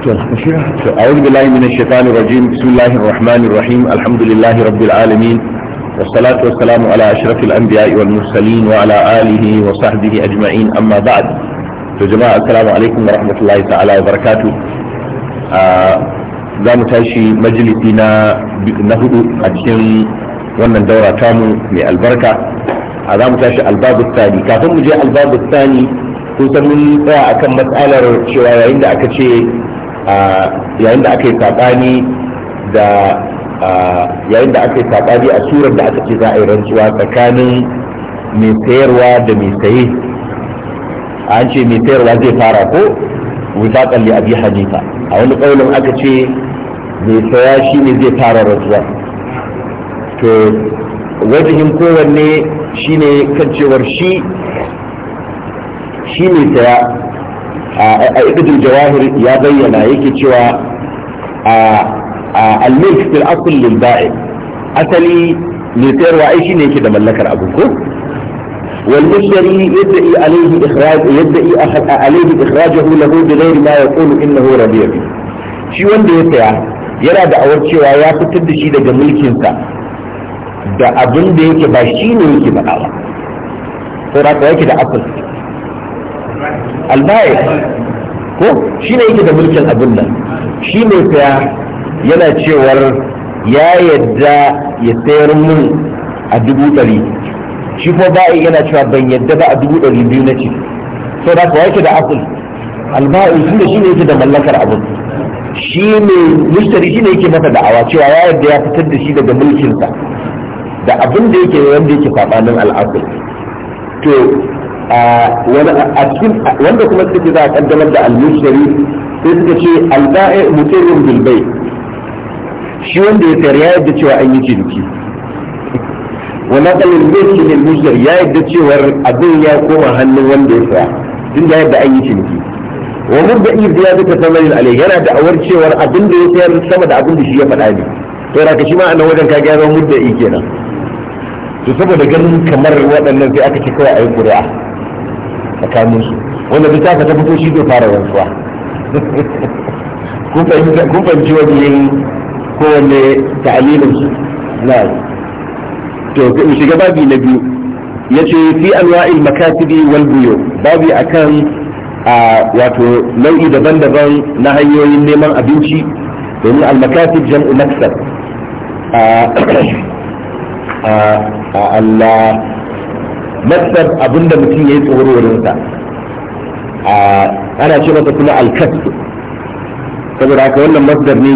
أعوذ بالله من الشيطان الرجيم بسم الله الرحمن الرحيم الحمد لله رب العالمين والصلاة والسلام على أشرف الأنبياء والمرسلين وعلى آله وصحبه أجمعين أما بعد يا جماعة السلام عليكم ورحمة الله تعالى وبركاته za mu tashi majalisi na hudu a cikin wannan daura tamu mai albarka a za mu tashi albabu tsani kafin mu je albabu tsani kun san mun tsaya akan matsalar cewa yayin da aka ce yayin da aka yi saɓani da yayin da aka yi saɓani a surar da aka ce za a yi rantsuwa tsakanin mai sayarwa da mai saye an ce mai sayarwa zai fara ko tsalle a abi hanifa a wani ƙaunin aka ce mai saya shi ne zai fara rantsuwa to wajihin kowanne ne kan cewar shi shi mai saya a ibadul jawahir ya bayyana yake cewa al-mulk fil asl lil ba'i asali ne sayarwa ai shine yake da mallakar abu ko wal mushtari yad'i alayhi ikhraj yad'i alayhi ikhrajahu lahu bighayr ma yaqulu innahu rabi'i shi wanda ya saya yana da awar cewa ya fitar da shi daga mulkin sa da abin da yake ba shi ne yake faɗa ba saboda yake da asali albayi ko shi ne yake da mulkin abin nan shi ne saya yana cewar ya yadda ya sayar mun a dubu ɗari shi ko ba'i yana cewa ban yadda ba a dubu ɗari biyu na ce sau da kuwa yake da akul albayi shi ne shi ne yake da mallakar abin shi ne mustari shi ne yake masa da'awa cewa ya yadda ya fitar da shi daga mulkinsa da abin da yake wanda yake kwaɓanin al'akul to wanda kuma suka ce za a kaddamar da almushari sai suka ce al mutumin bilbai shi wanda ya sayar ya yadda cewa an yi ciniki wannan kalin mulki ne mushar ya yadda cewa abin ya koma hannun wanda ya saya tun da yadda an yi ciniki wa da iya samar yin alai yana da awar cewar abin da ya sayar sama da abin da shi ya faɗa ne to raka shi ma a nan wajen ka gyara mudda kenan to saboda ganin kamar waɗannan sai aka ce kawai a yi ƙuri'a tsakanin su wanda duk ta ta fito shi zai fara rantsuwa kun fahimci wajen kowanne ta'alilin su na to shiga babi na biyu ya ce fi anwa'il makatibi wal buyo babi akan a wato nau'i daban-daban na hanyoyin neman abinci domin al makasib jam'u maksab a Allah masdar abinda mutum ya yi tsororinsa ana ce masa kuma alkasu saboda haka wannan masdar ne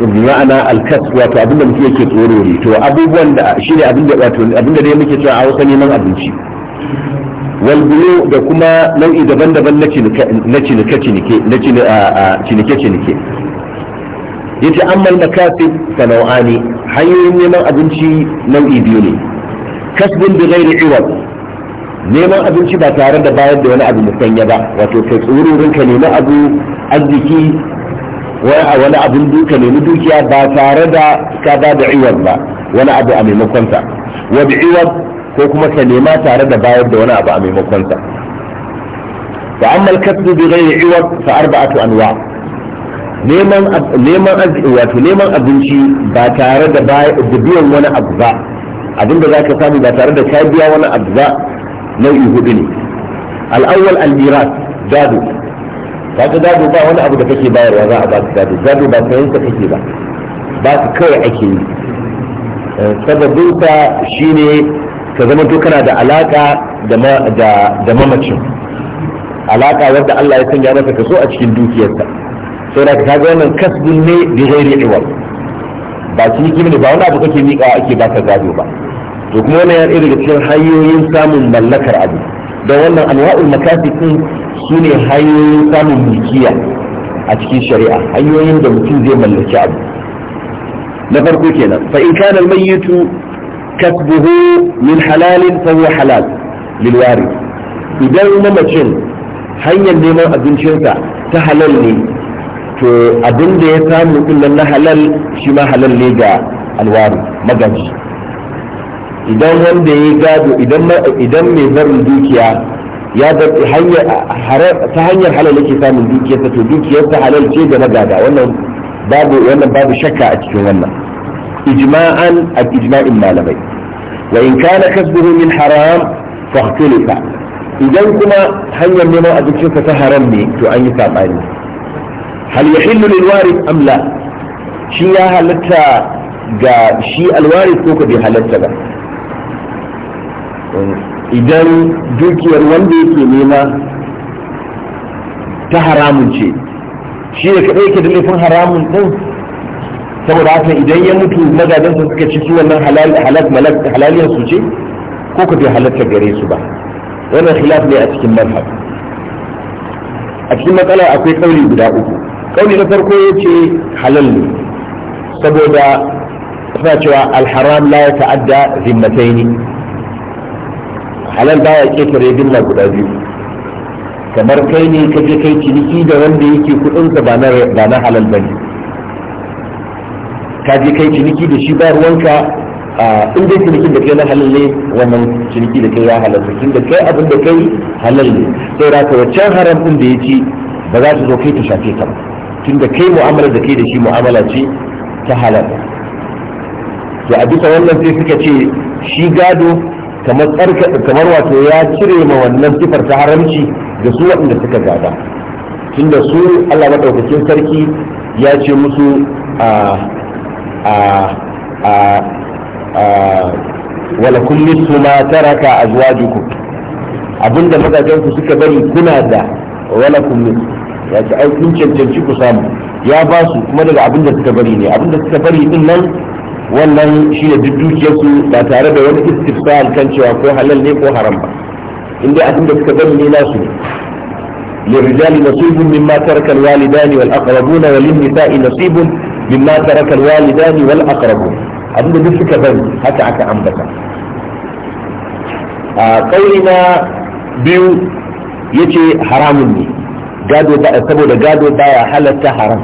ne bi ma'ana alkas wato abinda mutum yake tsorori to abubuwan da shi ne abinda wato abinda dai muke cewa a hausa neman abinci walbulo da kuma nau'i daban-daban na cinike-cinike na cinike-cinike yace ammal makasib sana'ani hanyoyin neman abinci nau'i biyu ne kasbun da zai iwad neman abinci ba tare da bayar da wani abu musanya ba wato kai tsururin ka nemi abu arziki wani wani abin duka nemi dukiya ba tare da ka ba da iwad ba wani abu a maimakon sa wa bi iwad ko kuma ka nema tare da bayar da wani abu a maimakon sa fa amma al-kasbu bi ghairi iwad fa arba'atu anwa' neman wato neman abinci ba tare da biyan wani abu ba abinda za ka samu ba tare da ka biya wani abu ba nau'i hudu ne al'awwal al-miras gado kaga gado ba wani abu da kake bayarwa za a ba su gado gado ba sayan ka kake ba ba su kawai ake yi eh, sababin sa shine ka zama to kana da alaka da mamacin alaka wadda Allah ya sanya masa kaso a cikin dukiyarsa sai da kaga wannan kasbin ne bi ghairi iwal ba ciniki ne ba wani abu kake miƙa ake baka gado ba to kuma wannan ya daga cikin hanyoyin samun mallakar abu don wannan anwa'ul makasifin su ne hanyoyin samun mulkiya a cikin shari'a hanyoyin da mutum zai mallaki abu na farko kenan fa in kana almayyitu kasbuhu min halalin fa huwa halal lil warith idan mamacin hanyar neman abincinsa ta halal ne to abin da ya samu kullum na halal shi ma halal ne ga alwari magaji idan wanda ya gado idan mai barin dukiya ya zaɓi ta hanyar halal yake samun dukiyarsa to dukiyarsa halal ce da magada wannan babu wannan babu shakka a cikin wannan ijma'an a ijma'in malamai wa in kana kasbuhu min haram fa ikhtilafa idan kuma hanyar neman abincinsa ta haram ne to an yi sabani hal yahillu lil warith am la shi ya halatta ga shi alwarith ko ka bai halatta ba idan dukiyar wanda yake nema ta haramun ce shi ne kaɗai yake da laifin haramun ɗin saboda haka idan ya mutu magadansa suka ci wannan halaliyar su ce ko ka bai halatta gare su ba wannan khilaf ne a cikin mazhab a cikin matsala akwai kauli guda uku kauli na farko ya ce halal ne saboda suna cewa alharam la ya ta'adda zimmataini halal baya ketare billa guda biyu kamar kai ne ka je kai ciniki da wanda yake kudinsa ba na halal bane ka je kai ciniki da shi ba ruwanka in dai cinikin da kai na halal ne wannan ciniki da kai ya halal cikin da kai abin da kai halal ne sai da ka waccan haram din da ya ci ba za su zo kai ta shafe ka ba tun da kai mu'amala da kai da shi mu'amala ce ta halal to a bisa wannan sai suka ce shi gado kamar kamar wato ya cire ma wannan sifar ta haramci da su waɗanda suka gada tunda su Allah madaukakin sarki ya ce musu a a a a wala kullu ma taraka azwajukum abinda mazajen suka bari kuna da wala kullum. ya ce ai kun cancanci ku samu ya ba su kuma daga abinda suka bari ne abinda suka bari din nan wannan shi ne duk dukiyarsu ba tare da wani istifsal kan cewa ko halal ne ko haram ba inda abin da suka gani ne nasu للرجال نصيب مما ترك الوالدان والأقربون وللنساء نصيب مما ترك الوالدان والأقربون abinda duk suka bari haka aka ambata a kauri na biyu ya ce haramun ne gado saboda gado baya halatta haram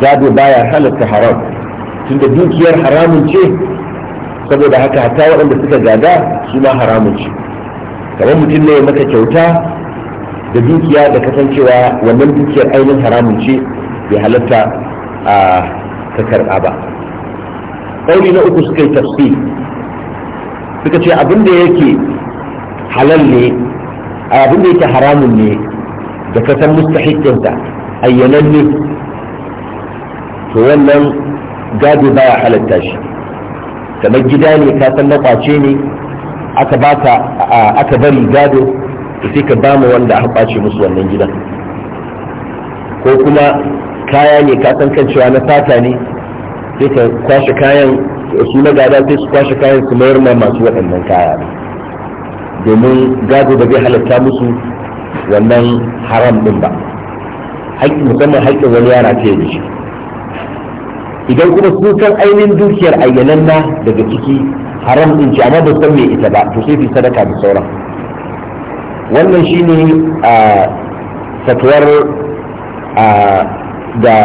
gado baya halatta haram da dukiyar haramun ce saboda haka hata waɗanda suka gada su ma haramun ce kamar mutum ne maka kyauta da dukiya da kasancewa wannan dukiyar ainihin haramun ce bai halatta a ka karɓa ba ƙauri na uku suka yi tafsi suka ce abinda yake halal ne abin yake haramun ne da kasan san mustahikinsa ayyanan ne to wannan gado baya halatta shi kamar gida ne ka san na kwace ne aka baka aka bari gado sai ka bamu wanda aka kwace musu wannan gidan ko kuma kaya ne ka san kan cewa na fata ne sai ka kwashe kayan su na gada sai su kwashe kayan su mayar ma masu waɗannan kaya ne domin gado ba zai halatta musu wannan haram din ba musamman haƙƙin wani yara ta yi da shi idan kuma sun san ainihin dukiyar ayyananna daga ciki haram in ci amma ba san me ita ba to sai fi sadaka da sauran wannan shine a fatuwar da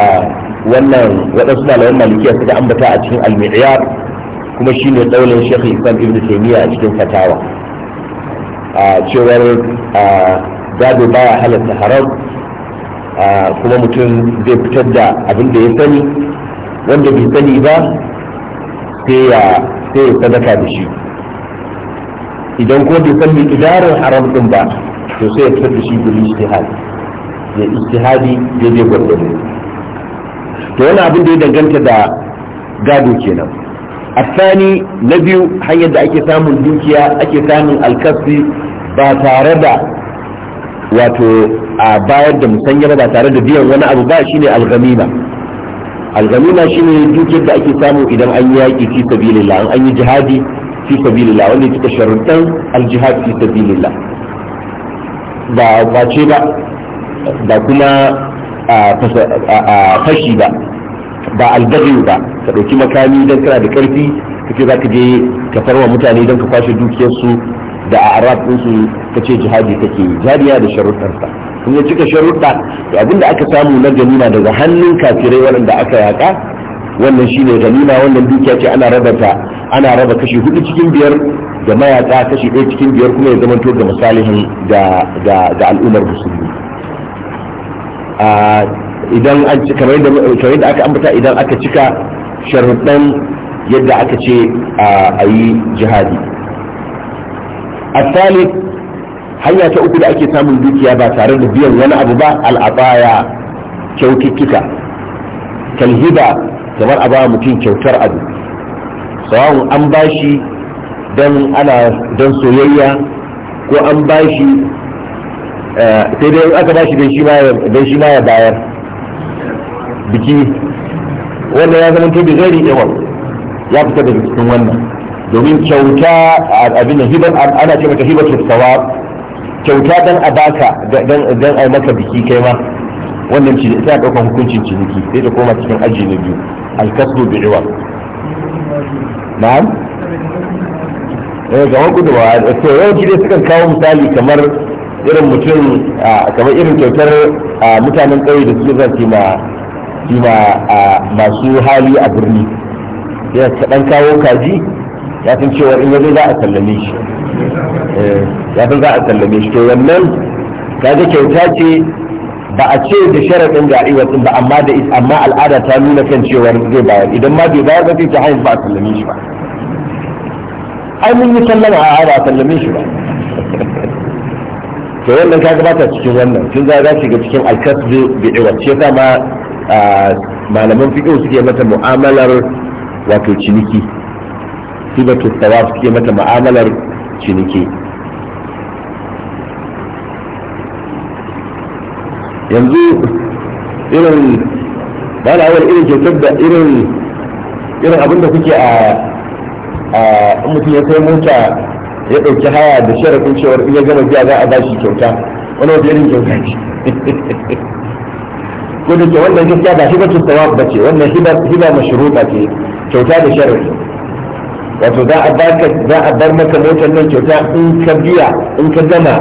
wannan waɗansu malaman malikiya suka ambata a cikin almiyar kuma shine daulin shekhi islam ibn taymiya a cikin fatawa a cewar gado baya halatta haram kuma mutum zai fitar da abin da ya sani wanda bai sani ba sai ya sadaka da shi idan ko bai san idarar haram din ba to sai ya fitar da shi guri istihadi ya istihadi daidai gwargwado to wani abin da ya danganta da gado kenan a tsani na biyu hanyar da ake samun dukiya ake samun alkasbi ba tare da wato a bayar da musanya ba tare da biyan wani abu ba shine algamima alganima shine dukiyar da ake samu idan an yi yaƙi fi sabilillah an yi jihadi fi sabilillah wanda suka sharuɗan aljihad fi sabilillah ba kwace ba da kuma a fashi ba ba albaghi ba ka ɗauki makami don kana da ƙarfi kake za ka je ka farwa mutane don ka kwashe dukiyarsu da a arab ɗinsu ka ce jihadi take jihadi da sharuɗansa in ya cika sharuɗa to abinda aka samu na ganima daga hannun kafirai waɗanda aka yaƙa wannan shine ganima wannan dukiya ce ana raba ta ana raba kashi hudu cikin biyar da mayaƙa kashi ɗaya cikin biyar kuma ya zamanto ga misalihin da al'ummar musulmi idan an cika kamar yadda aka ambata idan aka cika sharuɗan yadda aka ce a yi jihadi الثالث hanya ta uku da ake samun dukiya ba tare da biyan wani abu ba al'abaya kyaututtuka Talhiba, kamar a ba mutum kyautar abu tsawon an bashi don don soyayya ko an bashi eh, sai dai aka bashi don shi ma ya bayar biki wannan ya zama tobe zai riƙe ya fita daga cikin wannan domin kyauta abin da hibar ana ce mata hibar sawab kyauta dan a baka dan a maka biki kai ma wannan ci ita ɗaukar hukuncin ciniki sai ta koma cikin aji na biyu alkasdo bi iwa na'am ga eh, wani gudu ba to yau gida sukan kawo misali kamar irin mutum kamar irin kyautar mutanen ƙauye da suke zan ma masu hali a birni ya kaɗan kawo kaji ya san cewa in yanzu za a sallame shi Eh, ya fi za a sallame shi to wannan ga kyauta ce ba a ce da sharaɗin ga iwatsin ba amma da amma al'ada ta nuna kan cewa zai bayar idan ma bai bayar ba sai ta hanyar ba a sallame shi ba ai mun yi sallama a ba a sallame shi ba to wannan ka ba ta cikin wannan tun za za shiga cikin alkasbi bi iwat ce ma malaman fiqh suke mata mu'amalar wato ciniki sibatu tawaf suke mata mu'amalar ciniki yanzu irin ba da awar irin kyautar da irin irin abin da kuke a a mutum ya kai mota ya ɗauki haya da sharafin cewar in ya gama biya za a ba shi kyauta wani wata irin kyauta ce ko da ke wannan gaskiya ba shi hibar tustawa ba ce wannan hibar ba ce kyauta da sharafi wato za a baka za a bar maka motar nan kyauta in ka biya in ka gama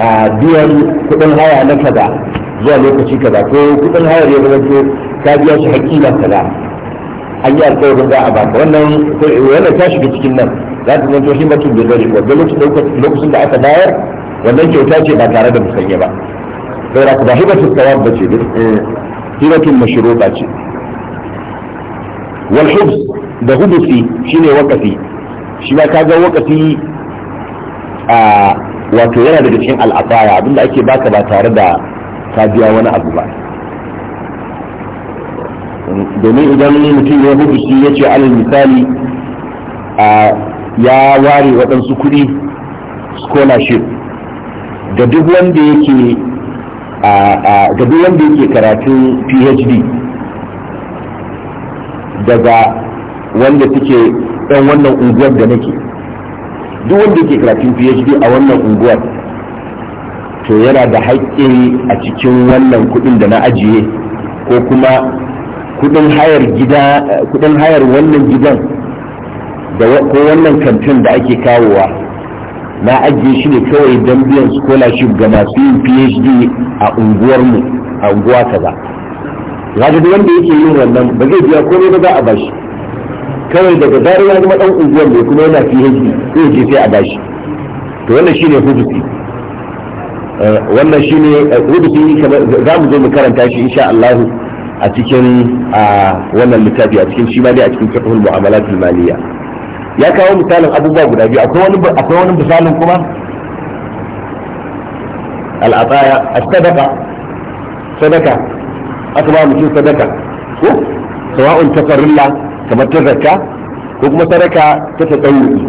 a biyan kuɗin haya na kaza zuwa lokaci kaza ko kuɗin haya ya zama ko ka biya shi hakki na kaza an yi alƙawarin za a baka wannan wannan ta shiga cikin nan za ta zanto shi mutum da zari ko lokacin da aka bayar wannan kyauta ce ba tare da musanya ba saboda ku ba hibatu tawab ba ce eh. hibatun mashruqa ce wal da hubusi shine wakafi shi ka ga wakafi a wato yana daga cikin al'asara abinda ake baka ba tare da ka biya wani abu ba domin idan mutum ya hudusi ya ce alal misali ya ware waɗansu kuɗi scholarship ga duk wanda yake ga duk wanda yake karatun phd daga wanda suke yan wannan unguwar da nake duk wanda ke karatun phd a wannan unguwar to yana da haƙƙi a cikin wannan kuɗin da na ajiye ko kuma kuɗin hayar kuɗin hayar wannan gidan da ko wannan kantin da ake kawowa na ajiye shi ne kawai don biyan scholarship ga masu yin phd a unguwarmu a unguwa kaza za wanda yake yin wannan ba zai biya komai ba za a bashi kawai daga zarar ya zama dan unguwan ne kuma yana PhD sai je sai a bashi to wannan shine hudusi eh, wannan shine eh, hudusi za mu zo mu karanta shi insha Allah a cikin wannan littafi a cikin shi ma dai a cikin fiqhul mu'amalat al-maliya ya kawo misalin abubuwa guda biyu akwai wani akwai wani misalin kuma al-ataya as-sadaqa sadaka aka ba mutum sadaka ko sawa'un ta farilla kamar ta zakka ko kuma sadaka ta tsayuki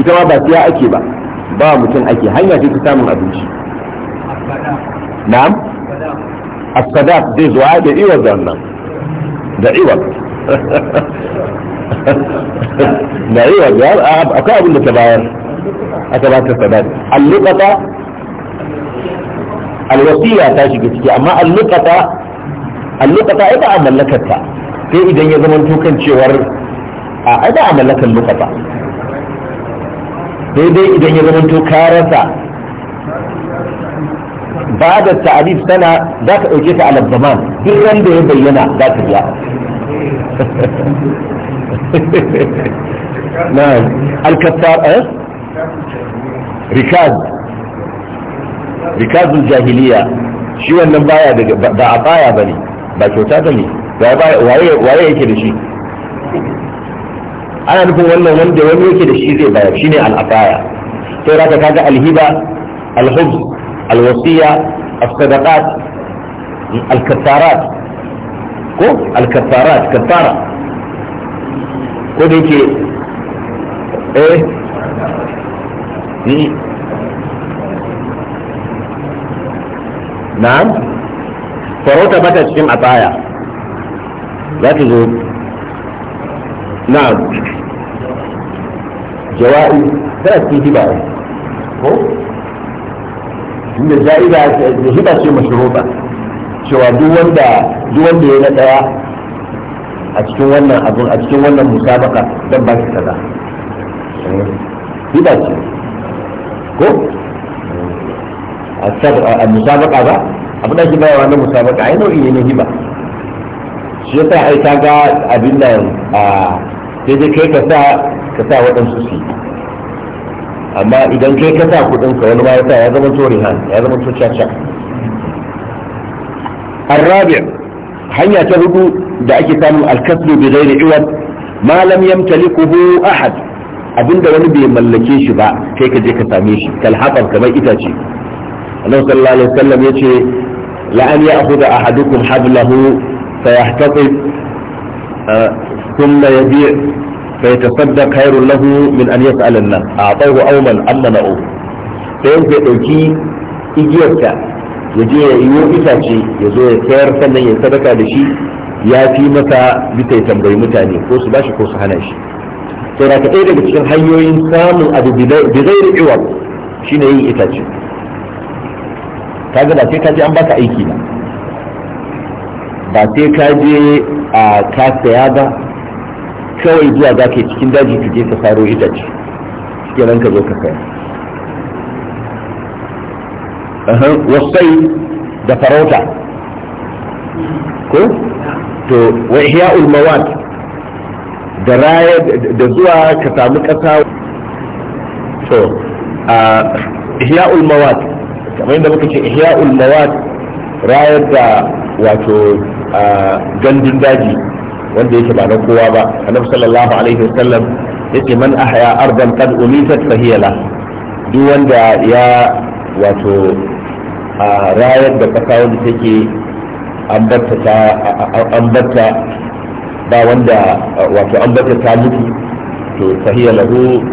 ita ma ba siya ake ba ba mutum ake hanya ce ta samun abinci na'am as-sadaq zai zuwa da iwa wannan da iwa da iwa da akwai abin da ta bayar aka ba ta sadaq al-luqata al-wasiya ta shiga ciki amma al-luqata al-luqata ita a mallakarta sai idan ya zama tukan cewar a ai ba a mallakan luka ba sai dai idan ya zama ka rasa ba da ta'arif sana za ka ɗauke ta a zaman duk ran da ya bayyana za ka biya na alkattar eh? rikaz rikazul jahiliya shi wannan baya daga ba a baya bane ba kyauta bane waye yake da shi ana nufin wannan wanda wani yake da shi zai bayar shine al'afaya sai za kaga alhiba alhubs alwasiya as-sadaqat al-kaffarat ko al-kaffarat kaffara ko da yake eh ni na'am farauta bata cikin ataya za ta zo na'am jawa'i tana cikin hiba ne ko inda ja'iba da hiba ce mashruba cewa duk wanda duk wanda ya na daya a cikin wannan abun a cikin wannan musabaka dan ba shi kaza hiba ce ko a musabaka ba abin da shi bayawa na musabaka ai nau'i ne na hiba shi yasa ai ta ga abin nan a sai dai kai ka sa ka sa waɗansu su amma idan kai ka sa kuɗin ka wani ma ya sa ya zama to rihan ya zama to caca الرابع hanya ta hudu da ake samun alkasbu bi ghairi iwad ma lam yamtalikuhu ahad abinda wani bai mallake shi ba kai ka je ka same shi kal haɓar kamar itace annabi sallallahu alaihi wasallam yace la an ya'khudha ahadukum hablahu فيحتطب ثم يبيع فيتصدق خير له من أن يسأل الناس أعطوه أو من أمنعه فينسى ɗauki igiyarsa ya je ya iyo itace ya zo ya sayar sannan ya sadaka da shi ya fi masa bisa tambayi mutane ko su bashi ko su hana shi to da daga cikin hanyoyin samun abu bizairi iwa shine yin itace kaga ba sai ka je an baka aiki na. ba sai ka je a ka saya ba kawai zuwa za ka cikin daji ka je ka ita ce, cikin nan ka zo ka saya wasai da farauta ko to wa ihya ulmawat da raya da zuwa ka samu kasa to a ihya ulmawat kamar yadda muka ce ihya ulmawat rayar da wato gandun daji wanda yake ba na kowa ba annabi sallallahu alaihi wasallam yace man ahya ardan qad umitat fa hiya la duk wanda ya wato a rayar da kasa wanda take ambata ta ambata ba wanda wato ambata ta mutu to fa hiya lahu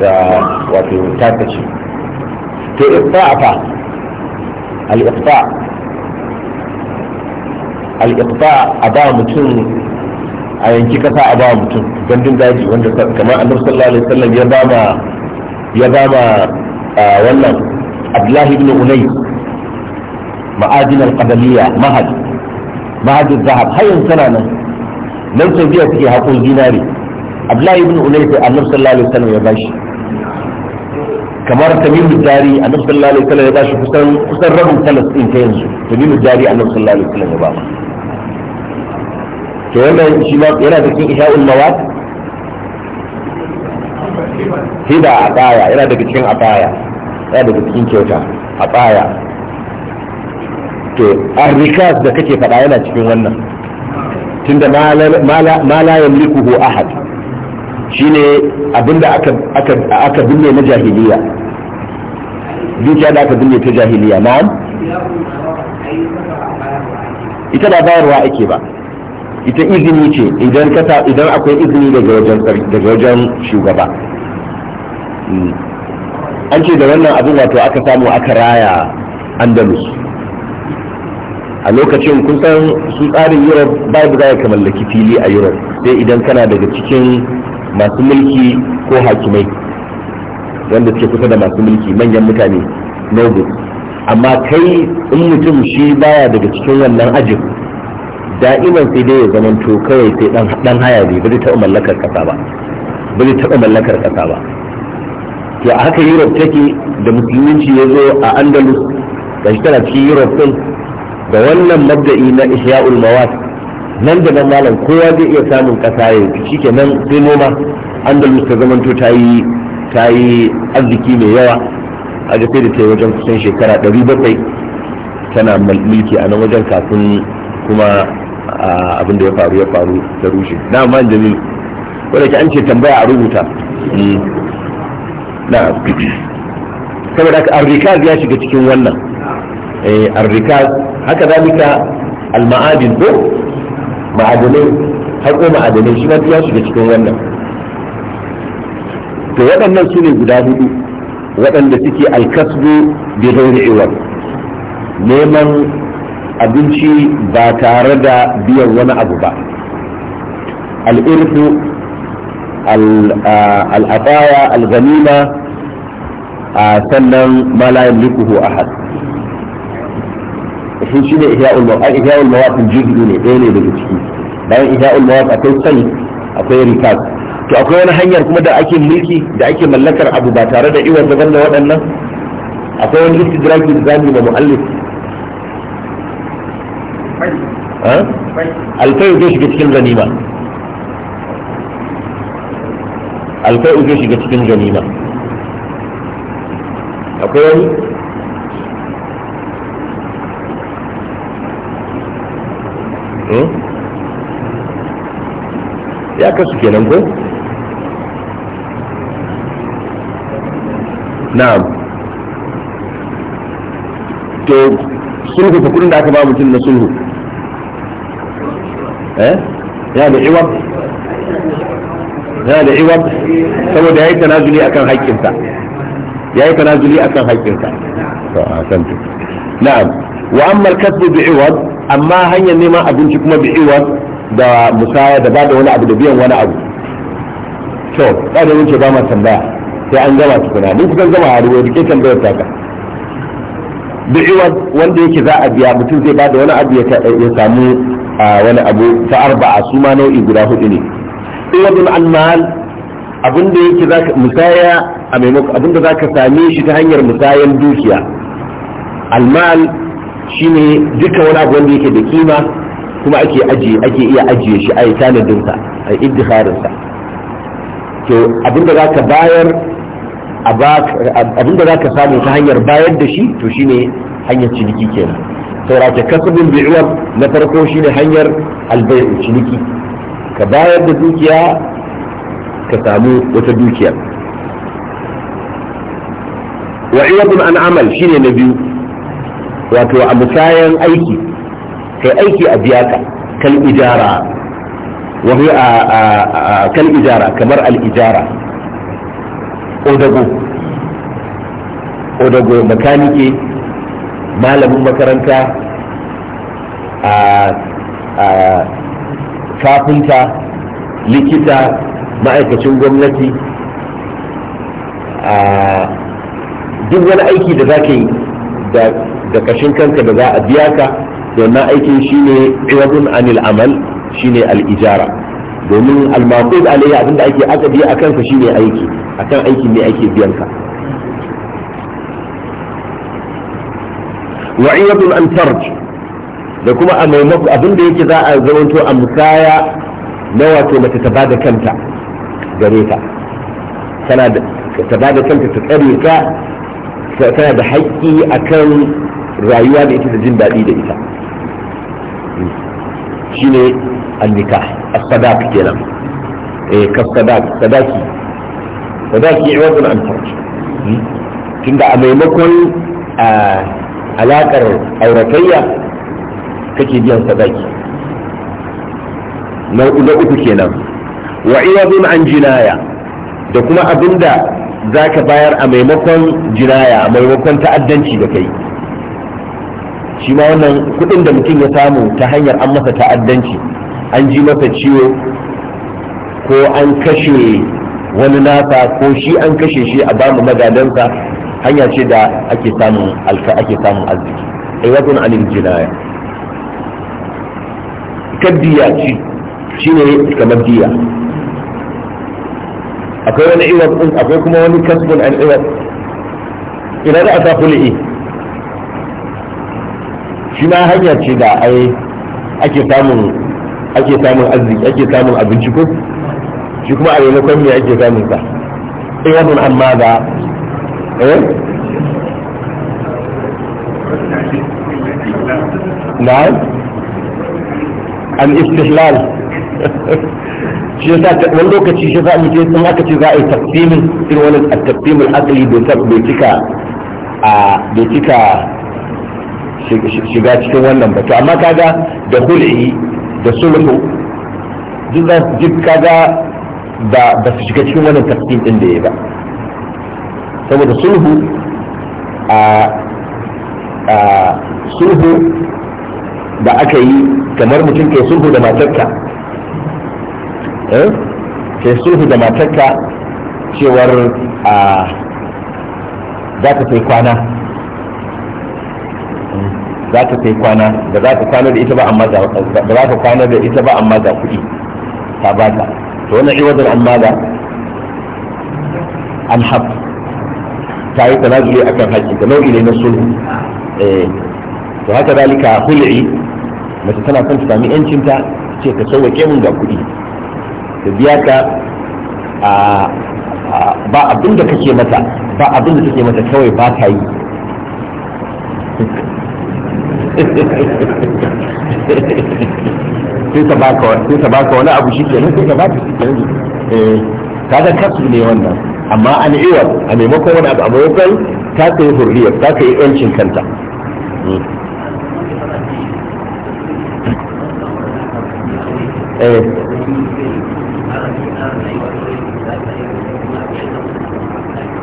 da wato ta kace to ifa fa al ifa al a ba mutum a yanki kasa a ba mutum gandun daji wanda kamar annabi sallallahu alaihi wasallam ya ba ma ya ba ma wannan abdullahi ibn unay ma'adin al-qadamiyya mahad mahad zahab har yanzu tana nan nan saudiya suke haƙon zinari abdullahi ibn unay sai annabi sallallahu alaihi wasallam ya bashi kamar tamimu Jari annabi sallallahu alaihi wasallam ya bashi kusan kusan rabin talas din ta yanzu tamimu Jari annabi sallallahu alaihi wasallam ya ba to wannan shi ma yana cikin isha'ul mawat hiba a baya yana daga cikin a baya yana daga cikin kyauta a baya to arrikas da kake faɗa yana cikin wannan tunda ma la yamlikuhu ahad shine abinda aka aka aka binne na jahiliya dukiya da aka binne ta jahiliya na'am ita ba bayarwa ake ba ita izini ce idan ka idan akwai izini daga wajen daga wajen shugaba hmm. an ce da wannan abin wato aka samu aka raya andalus a lokacin kun san su tsarin europe babu za ka mallaki fili a europe sai idan kana daga cikin masu mulki ko hakimai wanda suke kusa da masu mulki manyan mutane nobles amma kai in mutum shi baya daga cikin wannan ajin da'iman sai dai ya zama to kawai sai dan haya ne ba zai taɓa mallakar kasa ba ba zai taɓa mallakar kasa ba to a haka europe take da musulunci ya zo a andalus da shi tana cikin europe din da wannan mabda'i na ihya'ul mawat nan da nan malam kowa zai iya samun kasa ya shike nan sai noma andalus ta zama to ta yi arziki mai yawa a ga sai da ta wajen kusan shekara 700 tana mulki a nan wajen kafin kuma abin da ya faru ya faru da rushe na man jalil wanda ke an ce tambaya a rubuta mm. na saboda ka arrikaz ya shiga cikin wannan eh arrikaz haka zalika al-ma'adin ko ma'adanai haƙo ma'adanai shi ma ya shiga cikin wannan to waɗannan su ne guda hudu waɗanda suke alkasbu bi ghairi iwar neman abinci ba tare da biyan wani abu ba al'irfu al'afaya al'ganima a sannan malayin likuhu ahad sun shi ne ihya'ul mawafin jirgi ne ɗaya ne daga ciki bayan ihya'ul mawaf akwai sai akwai rikas to akwai wani hanyar kuma da ake mulki da ake mallakar abu ba tare da iwar daban da waɗannan akwai wani istidraki da zamu da mu'allif alfai eh? zai shiga cikin ganima alfai zai shiga cikin ganima akwai wani hmm? ya kasu kenan ko na'am to sulhu fa kudin da aka ba mutum na sulhu ya da iwab saboda ya yi tanazuli akan haƙƙinsa ya yi tanazuli akan haƙƙinsa na'am wa amma kasbu bi iwab amma hanyar neman abinci kuma bi iwab da musaya da bada wani abu da biyan wani abu to ba da wuce ba ma tambaya sai an gama tukuna ni kusan gama a ruwa rike tambayar taka bi iwab wanda yake za a biya mutum zai bada wani abu ya samu wani abu ta arba'a su ma nau'i guda hudu ne iwadun almal abin da yake zaka musaya a maimakon same shi ta hanyar musayan dukiya almal shine duka wani abu wanda yake da kima kuma ake ajiye ake iya ajiye shi a yi tanadin sa a yi iddiharin to abinda za zaka bayar abin samu ta hanyar bayar da shi to shine hanyar ciniki kenan saurace kasbin bi'uwar na farko shine hanyar albayu ciniki ka bayar da dukiya ka samu wata dukiya wa iwadun an amal shine na biyu wato a musayan aiki kai aiki a biya ka kal ijara wa a ijara kamar al ijara odago odago makanike malamin makaranta a kafinta likita ma'aikacin gwamnati a duk wani aiki da za ka yi da kashin kanka da za a biya ka wannan aikin ne iwabun anil amal shine al'ijara domin almakon alayya abinda ake aka biya a kanka ne aiki akan aikin ne ake biyanka ka wa'iyatul an tarj da kuma a maimako abin da yake za a zamanto a musaya na wato mace ta bada kanta gare ta tana da ta bada kanta ta tsare ka tana da haƙƙi akan rayuwa da ita da jin daɗi da ita shine annika a sadaq kenan eh ka sadaq sadaki sadaki iwazun an tarj hmm? tunda a maimakon a alaƙar auratayya kake biyan sadaki na uku kenan wa iwadun an jinaya da kuma abinda za ka bayar a maimakon jinaya a maimakon ta'addanci da kai shi ma wannan kudin da mutum ya samu ta hanyar an masa ta'addanci an ji masa ciwo ko an kashe wani nasa ko shi an kashe shi a bamu magadansa hanya ce da ake samun alka ake samun arziki aiwatun alil jinaya kaddiya ce shine kamar diya akwai wani iwat akwai kuma wani kasbun an iwat ina da a sa Shima hanya ce da ai ake samun ake samun arziki ake samun abinci ko shi kuma a maimakon me ake samun sa iwatun amma da eh na'am al-istihlal shi wani lokaci shi za mu ce za a yi tafsimin irin wani tafsimin asali bai cika shiga cikin wannan ba to amma kaga da hul'i da sulhu duk kaga ba su shiga cikin wannan tafsim din da ya ba saboda sulhu a sulhu da aka yi kamar mutum ke sulhu da matarka eh? ke sulhu da matarka cewar a za ta kai kwana za ta kai kwana da za ta kwana da ita ba amma da za ta kwana da ita ba amma da kuɗi ta ba ta to wannan iwadar amma da alhab ta yi tanazuli kan haƙƙi ta nau'i ne na sulhu eh, to haka dalika hul'i mace tana son ta sami yancinta ce ka sauwaƙe mun ga kuɗi ta biya ka ba abin da kake mata ba abin da take mata kawai ba ta yi sai ta baka wani abu shi nan sai ta baka shi kenan eh, ga kasu ne wannan amma an iwar a maimakon wani abu a maimakon ta kai hurriyar ta kai yancin kanta eh.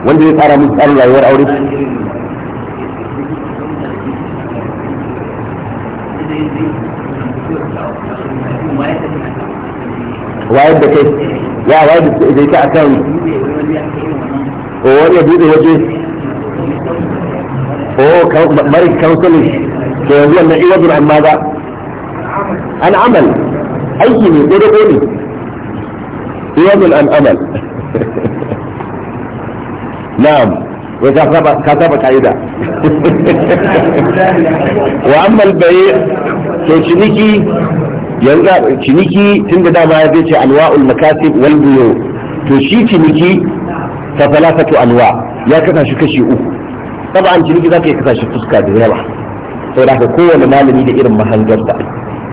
wanda ya tsara musu tsarin rayuwar aure wayar da kai ya wayar da kai kan? وين يبيض وجهه هو مريك كوكلش عن ماذا عن عمل اي عن عمل نعم واذا كتبت عيدا واما البيع كيشنيكي ينزع كيشنيكي تنددى ما يبيش انواع المكاتب والبيوت to shi ciniki fa salasatu anwa ya kasa shi kashi uku taban ciniki zaka yi kasa shi fuska da yawa saboda haka kowane malami da irin mahangarsa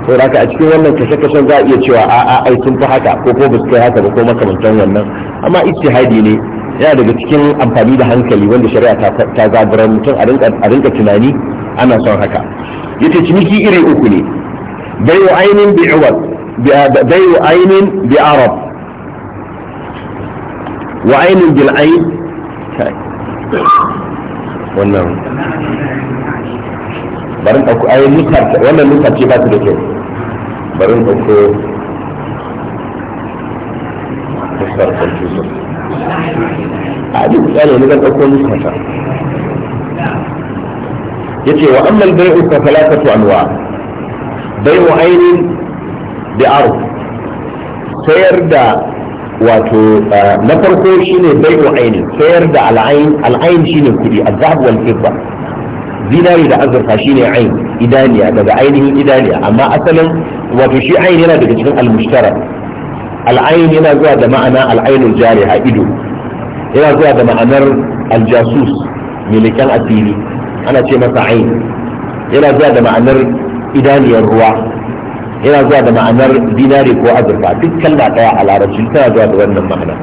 saboda haka a cikin wannan kashe-kashen za a iya cewa a'a ai sun fi haka ko ko basu kai haka ba ko makamantan wannan amma ijtihadi ne yana daga cikin amfani da hankali wanda shari'a ta zabura mutum a rinka tunani ana son haka yace ciniki iri uku ne bayu ainin bi awad bayu ainin bi وعين بالعين wannan barin ɗauko ayi nukar wannan nukar ce ba su da kyau barin ɗauko nukar kwamfuta a ji kusa ne nukar ɗauko nukar ta ya ce wa annal bai uka falakatu anwa bai wa ainihin da aro sayar da wato eh, na farko shine bai'u aini sayar da al'ain al'ain shine kudi azhab wal fidda zinari da azurfa shine ain idaniya daga ainihin idaniya amma asalin wato shi ain yana daga cikin al-mushtara al'ain yana zuwa da ma'ana al'ainul jariha ido yana zuwa da ma'anar aljasus milikan asiri ana ce masa ain yana zuwa da ma'anar idaniyar ruwa yana zuwa da ma'anar dinari ko azurfa duk kalla daya a larabci tana zuwa da wannan ma'ana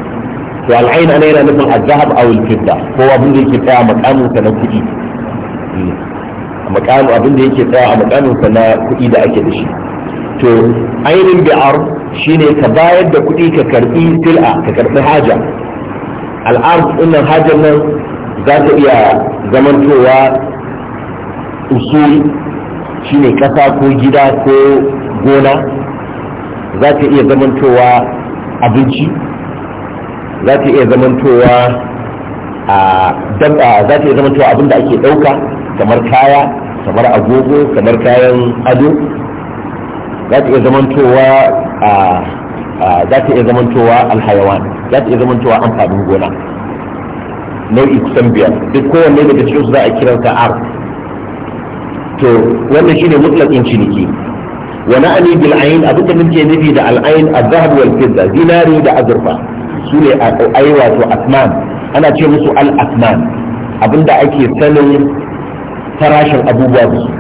to al'ain ana yana nufin azhab aw al-fidda ko abin da yake tsaya makamin sa na kuɗi hmm. makamin abin da yake tsaya a makamin sa na kuɗi da ake da shi to ainin bi'ar shine ka bayar da kuɗi ka karbi sil'a ka karbi haja al'ard din hajar nan za ta iya zamantowa usul shine ƙasa ko gida ko gona za ta iya zamantowa abinci za ta iya zamantowa za ta iya zamantowa abin da ake ɗauka kamar kaya kamar agogo kamar kayan ado za ta iya zamantowa za ta iya zamantowa alhayawan za ta iya zamantowa amfanin gona nau'i kusan biyar duk kowanne daga cikin su za a kiransa ar to wannan shine mutlaqin ciniki wa na'ani bil ayn abinda muke nufi da al ayn az-zahab wal fidda dinari da azurfa sune ai wato asman ana ce musu al asman abinda ake sanin farashin abubuwa da su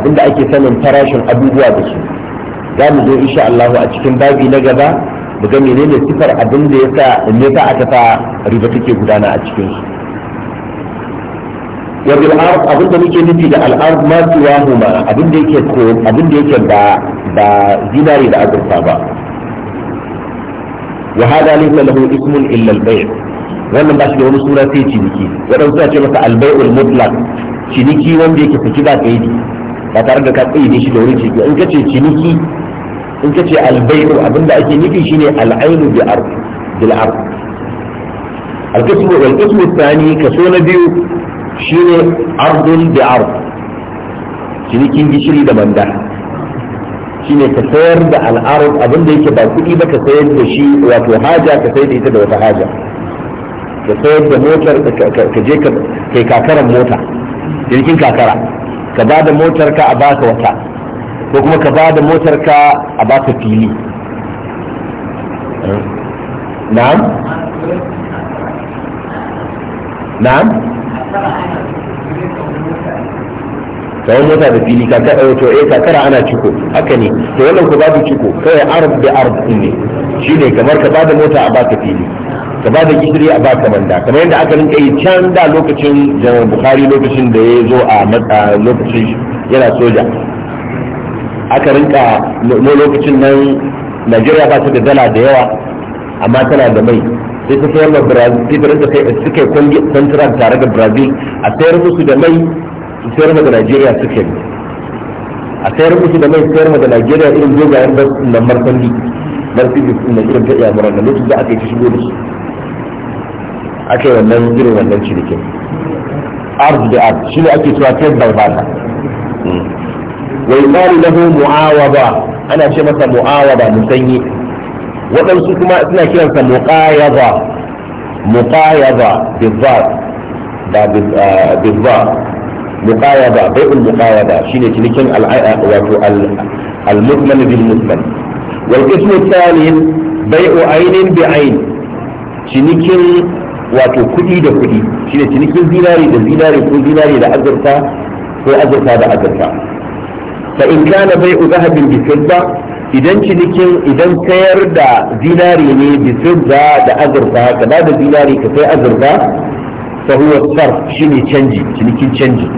abinda ake sanin farashin abubuwa da su za mu zo insha Allah a cikin babi na gaba mu ga menene sifar abin da yasa me yasa aka fa riba take gudana a cikin su wa bil abin da muke nufi da al ard ma tuwahuma abin da yake ko abin da yake ba ba zinari da azurfa ba wa hada laysa lahu ismun illa al bay' wannan ba shi da wani sura sai ciniki wadan sai ce masa al bay'ul mutlaq ciniki wanda yake saki ba kaidi ba tare da ka kaidi shi da wani ciniki in kace ciniki in kace al bay'u abin da ake nufi shine al ainu bi ard bil ard al qismu wal qismu thani kaso na biyu shine ardun da ard cinikin gishiri da manda shine ka sayar da al'arab abinda yake ba kuɗi ba ka sayar da shi wato haja ka sayar da ita da wata haja ka sayar da motar ka je ka kai kakarar mota cinikin kakara ka ba da motar ka a baka wata ko kuma ka ba da motar ka a baka fili na'am na'am tsawon mota da fili ka kada wato eh kakara ana ciko haka ne to wannan ku babu ciko kawai arab da arab ne shine kamar ka bada mota a baka fili ka bada gidiri a baka manda kamar yadda aka rinka yi can da lokacin janar bukhari lokacin da ya zo a lokacin yana soja aka rinka lokacin nan najeriya ba ta da dala da yawa amma tana da mai sai ta sayar ma brazil sai ta rinka suka yi kwantiran tare da brazil a sayar musu da mai su sayar ma da nigeria suka yi a sayar musu da mai sayar ma da nigeria irin dogayen nan martandi mercedes na irin ta iyamuran da lokacin da aka yi shigo da su aka yi wannan irin wannan cinikin arz da arz shi ne ake cewa trade by barter hmm. wai tsari lahu mu'awaba ana ce masa mu'awaba musanyi waɗansu kuma suna kiransa muqayaba muqayaba bizzat ba bizzat muqayaba bai'ul shi ne cinikin wato al-mutman bil mutman wal qismu thalith bai'u aynin bi ayn cinikin wato kuɗi da kuɗi shi ne cinikin zinari da zinari ko zinari da azurfa ko azurfa da azurfa fa in kana bai'u dhahabin bi fidda idan cinikin idan sayar da zinari ne bisinza da azurfa ka da zinari ka sai azurfa sahuwa sar shi ne canji cinikin canji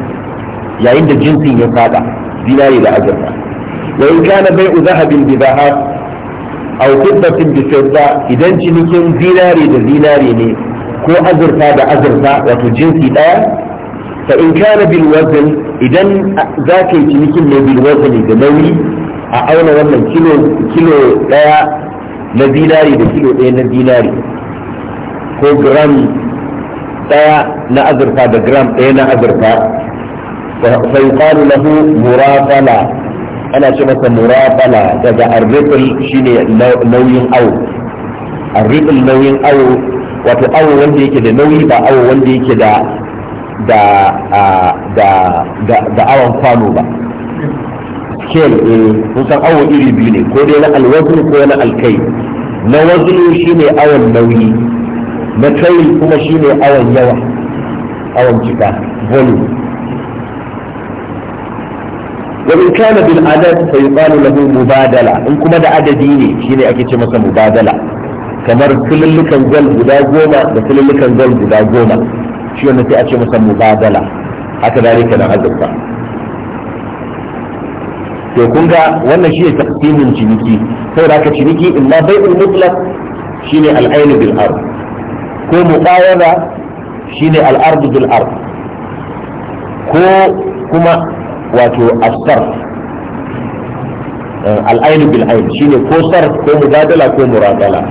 yayin da jinsin ya fada zinari da azurfa wa in kana bai'u zahabin bi zahab aw fiddatin bi fidda idan cinikin zinari da zinari ne ko azurfa da azurfa wato jinsi daya fa in kana bil wazn idan zaka yi cinikin ne bil wazn da nauyi a auna wannan kilo kilo daya na dinari da kilo daya na dinari ko gram daya na azurfa da gram daya na azurfa fa yuqalu lahu murafala ana ce masa murafala daga shi shine nauyin awo arrifil nauyin awo wato awo wanda yake da nauyi ba awo wanda yake da da da da awon kwano ba scale kusan eh, kun awo iri biyu ne ko dai na alwazn ko na alkai na shi ne awon nauyi na kai kuma shi ne awon yawa awon cika volume وإن كان بالعدد فيقال له مبادلة إن كما ده عددي ake أكيد masa Mubadala. kamar kulullukan gwal guda goma da kulullukan gwal guda goma shi wanda sai a ce masa mubadala haka dalika na azurfa to kun ga wannan shi ne taqsimin ciniki sai da haka ciniki illa bai'ul mutlaq shine al-ayn bil ard ko muqawala shine al-ard bil ard ko kuma wato as-sarf eh, al-ayn bil ayn shine ko sarf ko mubadala ko muradala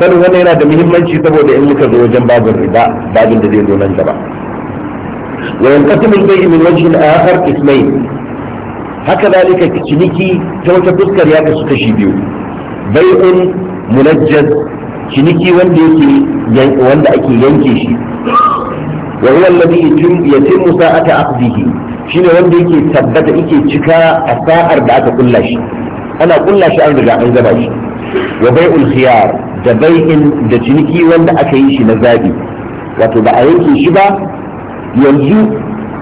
sanin wannan yana da muhimmanci saboda in muka zo wajen babin riba babin da zai zo nan gaba وينقسم البيع من وجه آخر قسمين هكذلك تشنيكي تو تذكر يا كسكشي بيو بيع منجز تشنيكي وند يكي وند ينكيشي وهو الذي يتم يتم ساعة عقده shine wanda yake tabbata yake cika a sa'ar da aka kulla shi ana kulla shi an an gaba shi wa da bai'in da ciniki wanda aka yi shi na zabi wato ba a yanke shi ba yanzu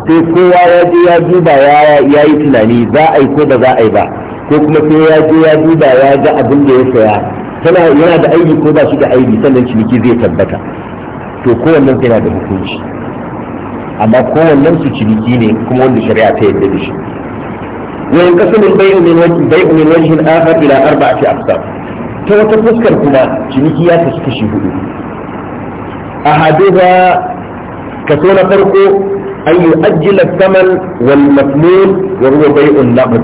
sai kowa ya je ya duba ya yi tunani za a yi ko ba za a yi ba ko kuma sai ya je ya duba ya ga abin da ya saya tana yana da aiki ko ba shi da aiki sannan ciniki zai tabbata to kowannen yana da hukunci amma kowannen su ciniki ne kuma wanda shari'a ta yadda da shi wani kasamin bai min wajhi bai'u min wajhi akhar ila arba'ati aqsam ta wata fuskar kuma ciniki ya kasu kashi hudu ahaduha kaso na farko an yi ajiyar saman wal mafnun wa huwa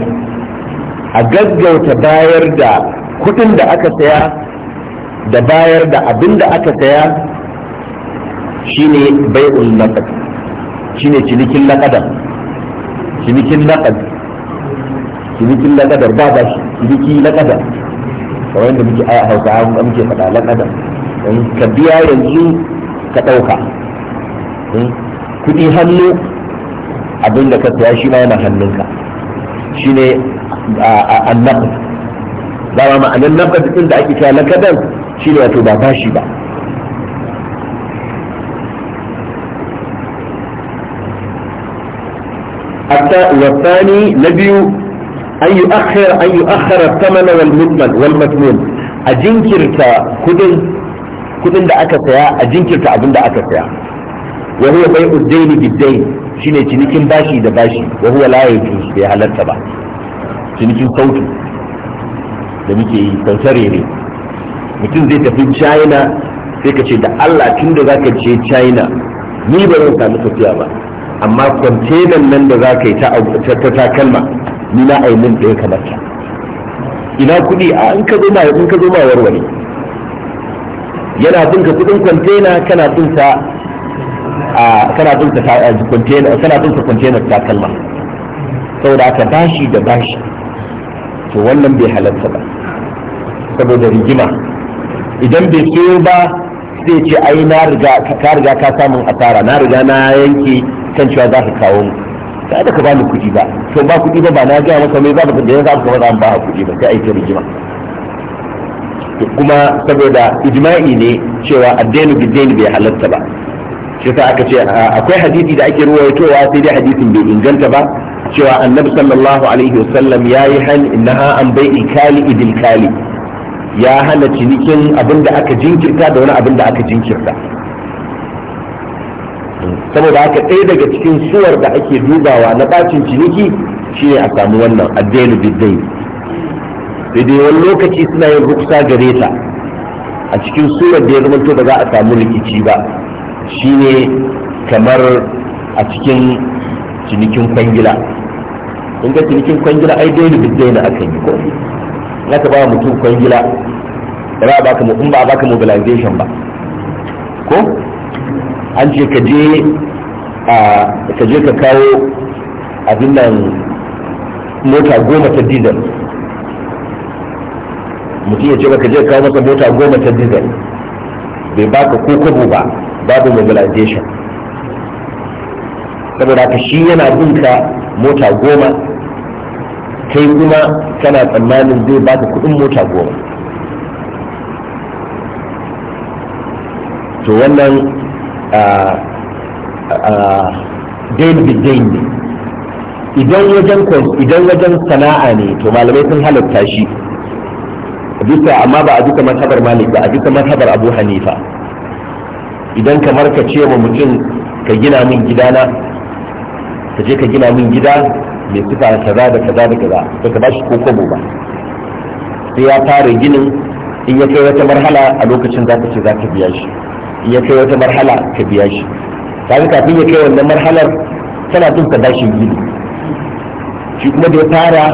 a gaggauta bayar da kudin da aka saya da bayar da abin da aka saya shine bai'ul naqd shine cinikin naqadan cinikin ciniki naqadar kamar yadda muke aya hausa muke faɗa naqadar ka biya yanzu ka ɗauka Hmm? kuɗi hannu abin da ka saya shi ma yana hannunka shi ne annaqd dama ma'anar naqd din da ake cewa lakadan shi ne wato ba bashi ba والثاني نبي أن يؤخر أن يؤخر الثمن والمثمن والمثمون أجنكرت كدن da aka أكا a jinkirta أبن دا أكا wa huwa bai'u dayn bid dayn shine cinikin bashi da bashi wa huwa la yajuz bai halatta ba cinikin sautu da muke yi sautare ne mutum zai tafi china sai ka ce da allah tun da zaka je china ni ba zan samu tafiya ba amma kwantenan nan da za ka yi ta ta takalma ni na ainihin da ya kamata. ina kuɗi a in ka zo ma in ka zo ma warware yana bin ka kuɗin kwantena kana bin sa kana bin container kana bin ka container ta kalma saboda ka bashi da bashi to wannan bai halatta ba saboda rigima idan bai siyo ba zai ce ai na riga ka riga ka samun asara na riga na yanke kan cewa za ka kawo mu ka da ka ba ni kuɗi ba to ba kuɗi ba ba na gaya maka mai ba ba da yanzu aka maza ba kuɗi ba sai ai ta rigima kuma saboda ijma'i ne cewa addini bidaini bai halatta ba shi sa aka ce ah, akwai hadisi da ake ruwaitowa sai dai hadisin bai inganta ba cewa annabi sallallahu alaihi wasallam ya yi han innaha an bai ikali idil kali ya hana cinikin abin da aka jinkirta da wani abin da aka jinkirta saboda haka ɗaya daga cikin suwar da ake dubawa na bacin ciniki shine a samu wannan addini biddai sai dai wani lokaci suna yin ruksa gare ta a cikin suwar da ya zama to ba za a samu rikici ba Shi ne kamar a cikin cinikin kwangila in ga cinikin kwangila ai daily da daily aka yi ko na ka ba mutum kwangila ba a baka in ba ka mobilization ba ko an ce ka je ka je ka kawo abin nan mota goma ta diesel mutum ya ce ka je ka kawo masa mota goma ta diesel bai baka ko kwabo ba babu mobilization saboda ka shi yana binka mota goma kai kuma kana tsammanin zai baka kudin mota goma to wannan dain bidain ne idan wajen idan wajen sana'a ne to malamai sun halatta shi bisa amma ba a duka mazhabar malik ba a duka mazhabar abu hanifa idan kamar ka ce wa mutum ka gina min gidana ka je ka gina min gida mai suka kaza da kaza da kaza ba ka bashi ko kobo ba sai ya fara ginin in ya kai wata marhala a lokacin za ka ce za ka biya shi in ya kai wata marhala ka biya shi kaga kafin ya kai wannan marhalar tana jin ka bashin gini shi kuma da ya fara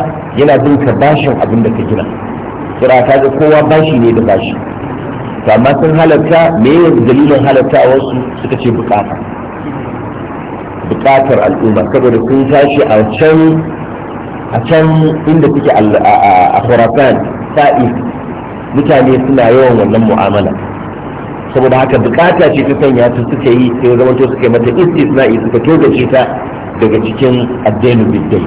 yana jin ka bashin abin da ka gina kira kaga kowa bashi ne da bashi amma sun halatta me dalilin halatta a wasu suka ce bukata bukatar al'umma saboda sun tashi a can a can inda suke a khurasan sa'i mutane suna yawan wannan mu'amala saboda haka bukata ce ta sanya su suka yi sai zama to suka yi mata istisna'i suka togace ta daga cikin addinin biddai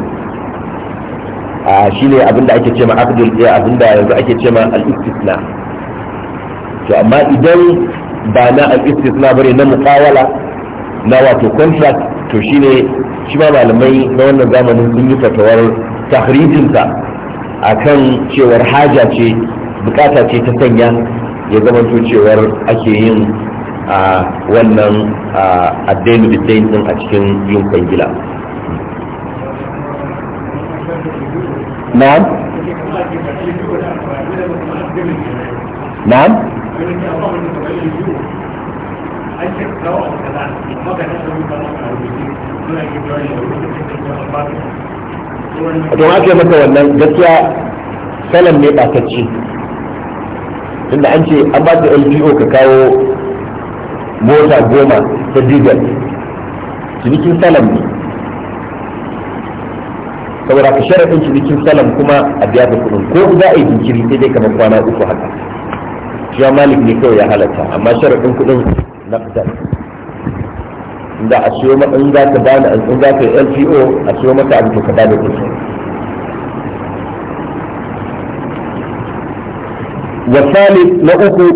a shine abinda ake cewa abdul eh, abinda yanzu ake cewa al-istisna' to amma idan ba na al-istisna bane na muqawala na wato contract to shine shi ba malamai na wannan zamanin sun yi fatawar tahrijinsa akan cewar haja ce bukata ce ta sanya ya zamanto cewar ake yin a wannan addainu biddain din a cikin yin kwangila na'am na'am wani a يقول لي الله انت تبين الجوع أجل سواء كذا ما كان يسوي كذا أو يجي ولا يجي da يجي ولا يجي maka wannan gaskiya salam ne ci. tunda an ce an ba ta lpo ka kawo mota goma ta diesel cinikin salam ne saboda ka sharafin cinikin salam kuma a biya da kuɗin ko za a yi jinkiri sai dai kamar kwana uku haka shi malik ne kawai ya halatta amma sharaɗin kuɗin na ƙasar da a siyo maka in za ka bani in za ka yi lco a siyo maka abu ka bani kuɗi والثالث نأكو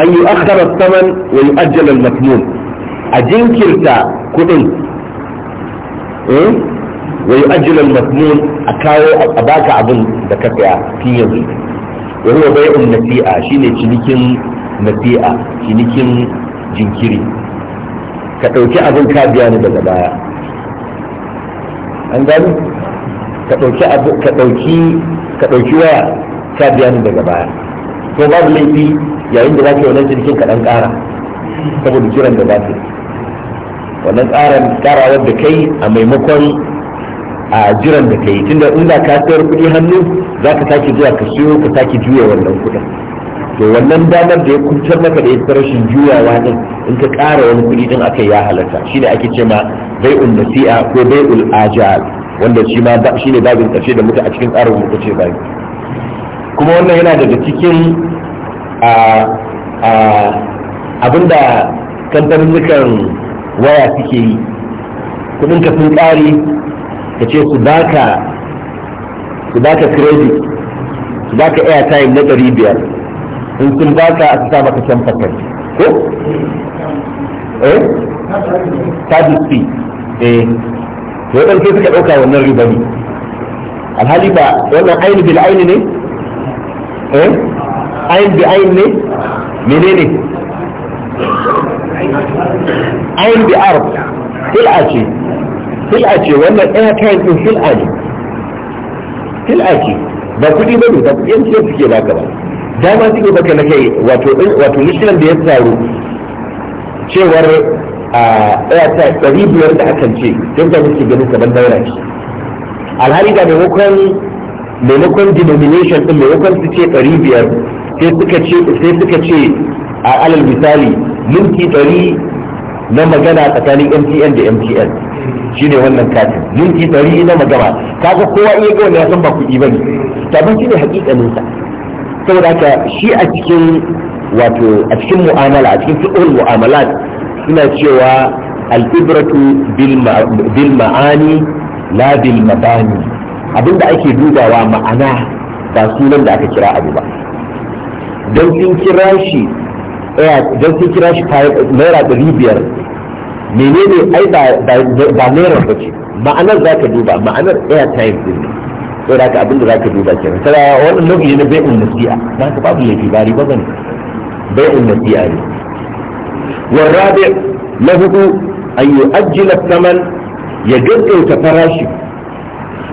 أن يؤخر الثمن ويؤجل المكنون أجنكرت كدن إيه؟ ويؤجل المكنون أكاو أباك عبن ذكرت في يومي wa huwa bai'un nasi'a shine cinikin nasi'a cinikin jinkiri ka ɗauki abin ka biya ni daga baya an gani ka ɗauki ka ɗauki ka ɗauki waya ka biya ni daga baya To babu laifi yayin da zaka yi wannan cinikin ka ɗan ƙara saboda kiran da zaka yi wannan tsarin karawar da kai a maimakon a jiran da ka yi tunda in za ka sayar kuɗi hannu za ka sake zuwa ka siyo ka sake juya wannan kuɗin to wannan damar da ya kuntar maka da ya fi rashin juyawa ɗin in ka ƙara wani kuɗi din akai ya halatta ne ake ce ma nasi'a ko bai'ul ajal wanda shi ma ne babin ƙarshe da muka a cikin tsarin muka ce bai kuma wannan yana daga cikin a a abinda kamfanin waya suke yi kuɗin ka sun ƙare ka ce su baka su baka credit su baka airtime na ɗari biyar in sun baka a sa maka can fakat ko eh service fee eh to wadan sai suka ɗauka wannan riba ne alhali ba wannan aini bil aini ne eh aini bi aini ne menene aini bi arf til'a ce fil'a ce wannan kayan ɗin fil'a ne fil'a ce ba kuɗi ba ne ba kuɗi ne suke baka ba dama suke baka na kai wato wato mishiran da ya faru cewar a ta ɗari biyar da akan ce don ta muke ganin kaman daura ce alhali da maimakon maimakon denomination din maimakon su ce ɗari biyar sai suka ce a alal misali minti ɗari na magana tsakanin mtn da mtn shine wannan katin minti ɗari ina magana kaga kowa iya ga wani san ba kuɗi ba ne tabin shine haƙiƙanin sa saboda haka shi a cikin wato a cikin mu'amala a cikin fiqhul mu'amalat suna cewa al-ibratu bil ma'ani la bil mabani abinda ake dubawa ma'ana ba sunan da aka kira abu ba dan sun kira shi eh, dan sun kira shi naira ɗari biyar menene ai ba naira ba ce ma'anar za ka duba ma'anar airtime din ne ko da ka abinda za ka duba ke nan tara wannan nau'i na bai'un nasi'a ba ka babu laifi ba riba ba ne bai'un nasi'a ne warrabe na hudu an yi ajiyar saman ya gaggauta farashi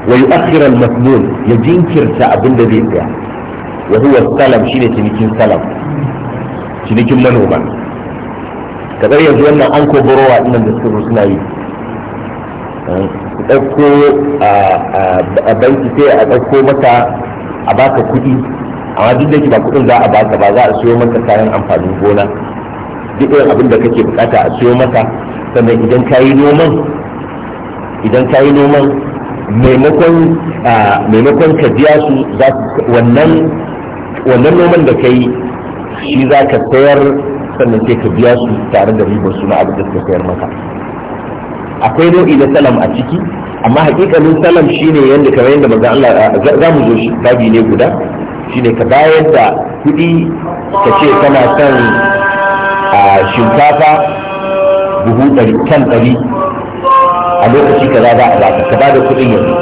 wa yi akhirar masnun ya jinkirta abinda zai tsaya wa huwa salam shine cinikin salam cinikin manoma kamar yanzu wannan an ko borowa ɗin da suka suna yi eh, ɗauko a banki sai a ɗauko mata a baka kuɗi amma duk da ke ba kuɗin za a baka ba za a siyo maka kayan amfanin gona duk irin abin da kake bukata a siyo maka sannan idan ka yi noman idan ka yi noman maimakon ka biya su wannan noman da ka yi shi za ka sayar sannan sai ka biya su tare da ribar su na abin da suka sayar maka akwai nau'i na salam a ciki amma hakikanin salam shine yadda kamar yadda ba Allah za mu zo shi babi ne guda shine ka bayar da kuɗi ka ce kana son shinkafa buhu ɗari kan ɗari a lokaci kaza za a baka ka bada kuɗin yanzu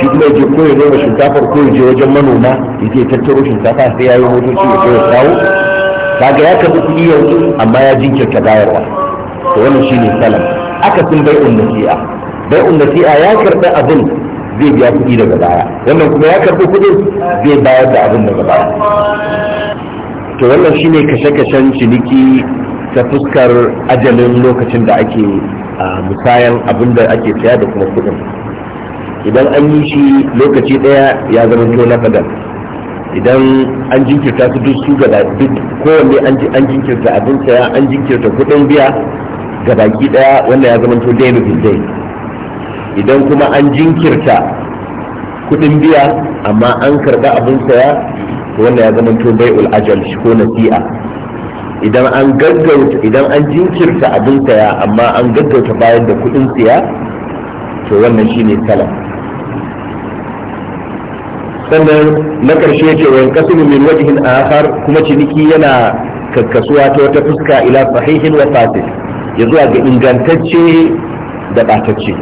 shi kuma ya je ko ya ma shinkafar ko ya je wajen manoma ya je tattaro shinkafa sai ya yi motoci ya je ya kawo kaga ya karɓi kuɗi yau, amma ya jinkirta bayarwa to wannan shine salam aka sun bai'un nasi'a bai'un nasi'a ya karɓi abin zai biya kuɗi daga baya wannan kuma ya karɓi kuɗin zai bayar da abin daga baya to wannan shine kashe-kashen ciniki ta fuskar ajalin lokacin da ake musayan abin da ake saya da kuma kuɗin idan an yi shi lokaci ɗaya ya zama to na idan an jinkirta su duk su gaba duk kowanne an jinkirta abin saya an jinkirta kuɗin biya ga baki ɗaya wanda ya zama to dainu bidai idan kuma an jinkirta kuɗin biya amma an karɓa abin saya wanda ya zama to bai'ul ajal shi ko nasi'a idan an gaggauta idan an jinkirta abin saya amma an gaggauta bayan da kuɗin siya to wannan shine salam sannan na karshe ce, wa yanqasimu min a akhar kuma ciniki yana kakkasuwa ta wata fuska ila sahihin wa fasid ya zuwa ga ingantacce da batacce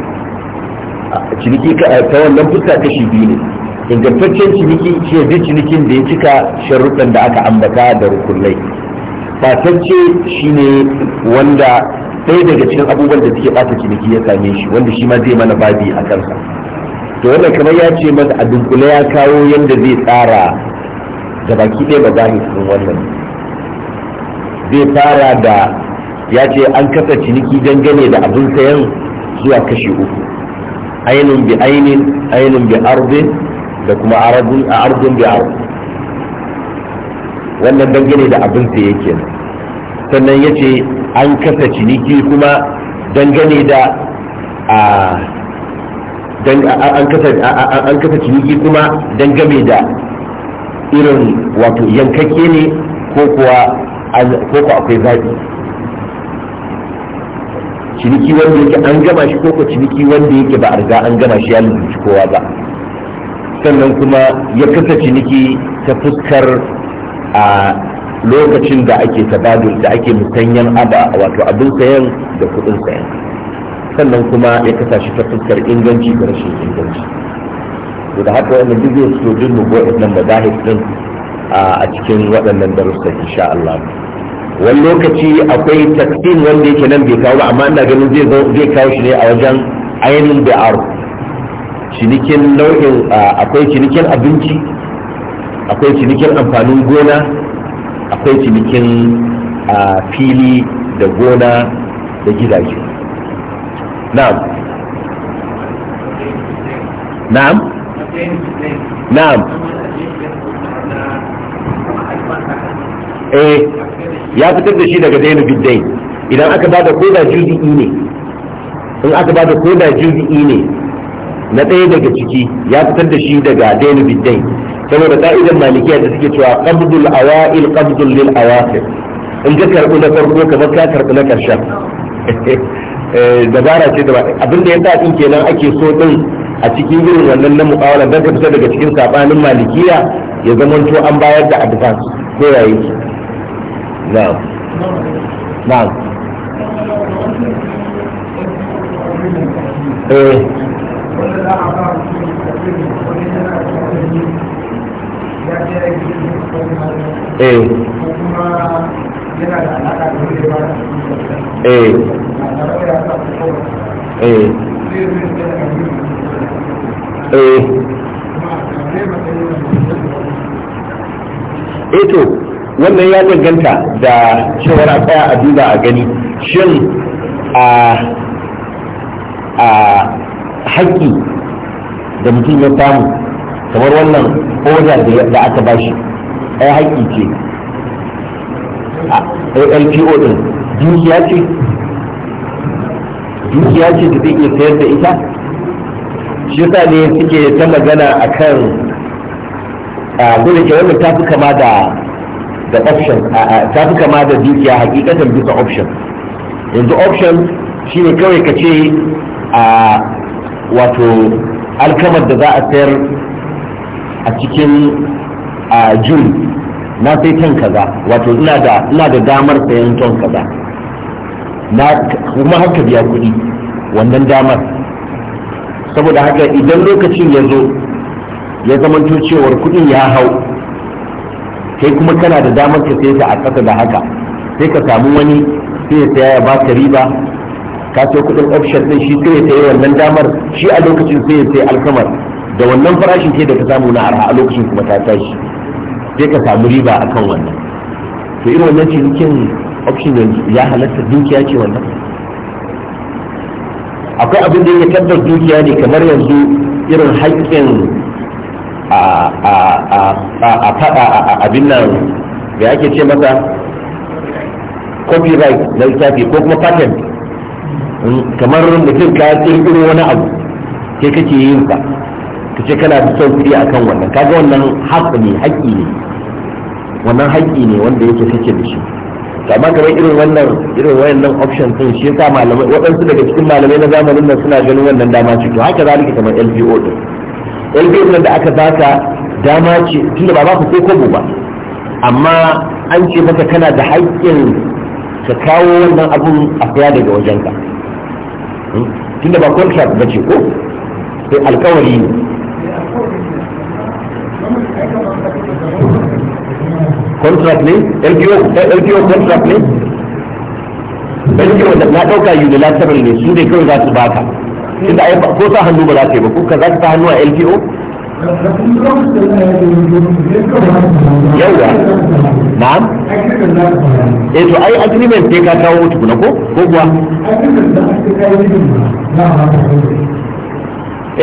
ciniki ta wannan fuska kashi biyu ne ingantaccen ciniki ce zai cinikin da ya cika sharuɗan da aka ambata da rukunai batacce shine wanda ɗaya daga cikin abubuwan da suke bata ciniki ya same shi wanda shi ma zai mana babi a kansa to wannan kamar ya ce masa a dunkule ya kawo yadda zai tsara da baki ɗaya ba zahiri cikin wannan zai fara da ya ce an kasa ciniki dangane da abin sayan zuwa kashi uku ainihin bi ainihin ainihin bi ardin da kuma a ardin bi ardin wannan dangane da abin saye yake sannan ya ce an kasa ciniki kuma dangane da a dan an kasa ciniki kuma dan game da irin wato yankakke ne ko kuwa akwai zaɓi? ciniki wanda yake an gama shi ko ko ciniki wanda yake ba a riga an gama shi ya lalace kowa ba sannan kuma ya kasa ciniki ta fuskar a lokacin da ake tabadul da ake musanyan aba wato abin sayan da kudin sayan sannan kuma ya kasa shi ta fuskar inganci da rashin inganci to da haka wannan duk zai so jin nan da zahir din a cikin waɗannan darussa insha Allah wani lokaci akwai taksim wanda yake nan bai kawo ba amma ina ganin zai zai kawo shi ne a wajen ainin bi'ar cinikin nau'in akwai cinikin abinci akwai cinikin amfanin gona akwai cinikin fili da gona da gidaje na'am na'am na'am eh ya fitar da shi daga dainu biddai idan aka bada koda juzi'i ne in aka ba da ko koda juzi'i ne na ɗaya daga ciki ya fitar da shi daga dainu biddai saboda ka'idar malikiya da suke cewa qabdul awa'il qabdul lil awafir in ka karɓi na farko kamar ka karɓi na ƙarshen Eh, dabara ce da abin da ya sa din kenan ake so din a cikin irin wannan na muƙawala dan ka fita daga cikin sabanin malikiya ya zamanto an bayar da advance ko yayi na'am na'am eh eh eh eh eh eto eh wannan ya danganta da cewar a tsaya a duba a gani shin a haƙƙi da mutum ya samu kamar wannan oda da aka bashi ai haƙƙi ce a lpo din dukiya ce dukiya ce da zai iya sayar da ita shi yasa ne suke ta magana a kan ke wannan ta kama da da option ta fi kama da dukiya hakikatan bisa option yanzu option shi ne kawai ka ce a wato alkamar da za a sayar a cikin june na sai ton kaza wato ina da damar sayan ton kaza na kuma haka biya kuɗi wannan damar saboda haka idan lokacin ya zo ya zama cewar kuɗin ya hau kai kuma kana da damar ka sai ta a ƙasa da haka sai ka samu wani sai ya saya ya baka riba ka sai kuɗin option ɗin shi sai ya sayi wannan damar shi a lokacin sai ya sayi alkamar da wannan farashin ke da ka samu na arha a lokacin kuma ta tashi sai ka samu riba akan wannan to irin wannan cinikin option yanzu ya halatta dukiya ce wannan akwai abin da ya tabbatar dukiya ne kamar yanzu irin haƙƙin a faɗa a abin nan da ake ce masa copyright na littafi ko kuma patent mm, kamar mutum ka ƙirƙiro wani abu sai kake yin sa ka ce kana da son kuɗi akan wannan kaga wannan haƙƙi ne haƙƙi ne wannan haƙƙi ne wanda yake kake da shi amma kamar irin wannan irin wayannan option din shi yasa malamai waɗansu daga cikin malamai na zamanin nan suna ganin wannan dama ce to haka zalika kamar LBO din LBO din da aka baka dama ce tunda ba ba ku sai kobo ba amma an ce maka kana da haƙƙin ka kawo wannan abun a saya daga wajenka hmm? tunda ba contract ba ce ko sai alƙawari ne contract ne LPO LPO contract ne LPO na dauka unilateral ne su ne kawai za su baka ai ko sa hannu ba za ka yi ba ko ka za ka hannu a LPO yawa na'am eh to ai agreement ka kawo tukuna ko ko kuwa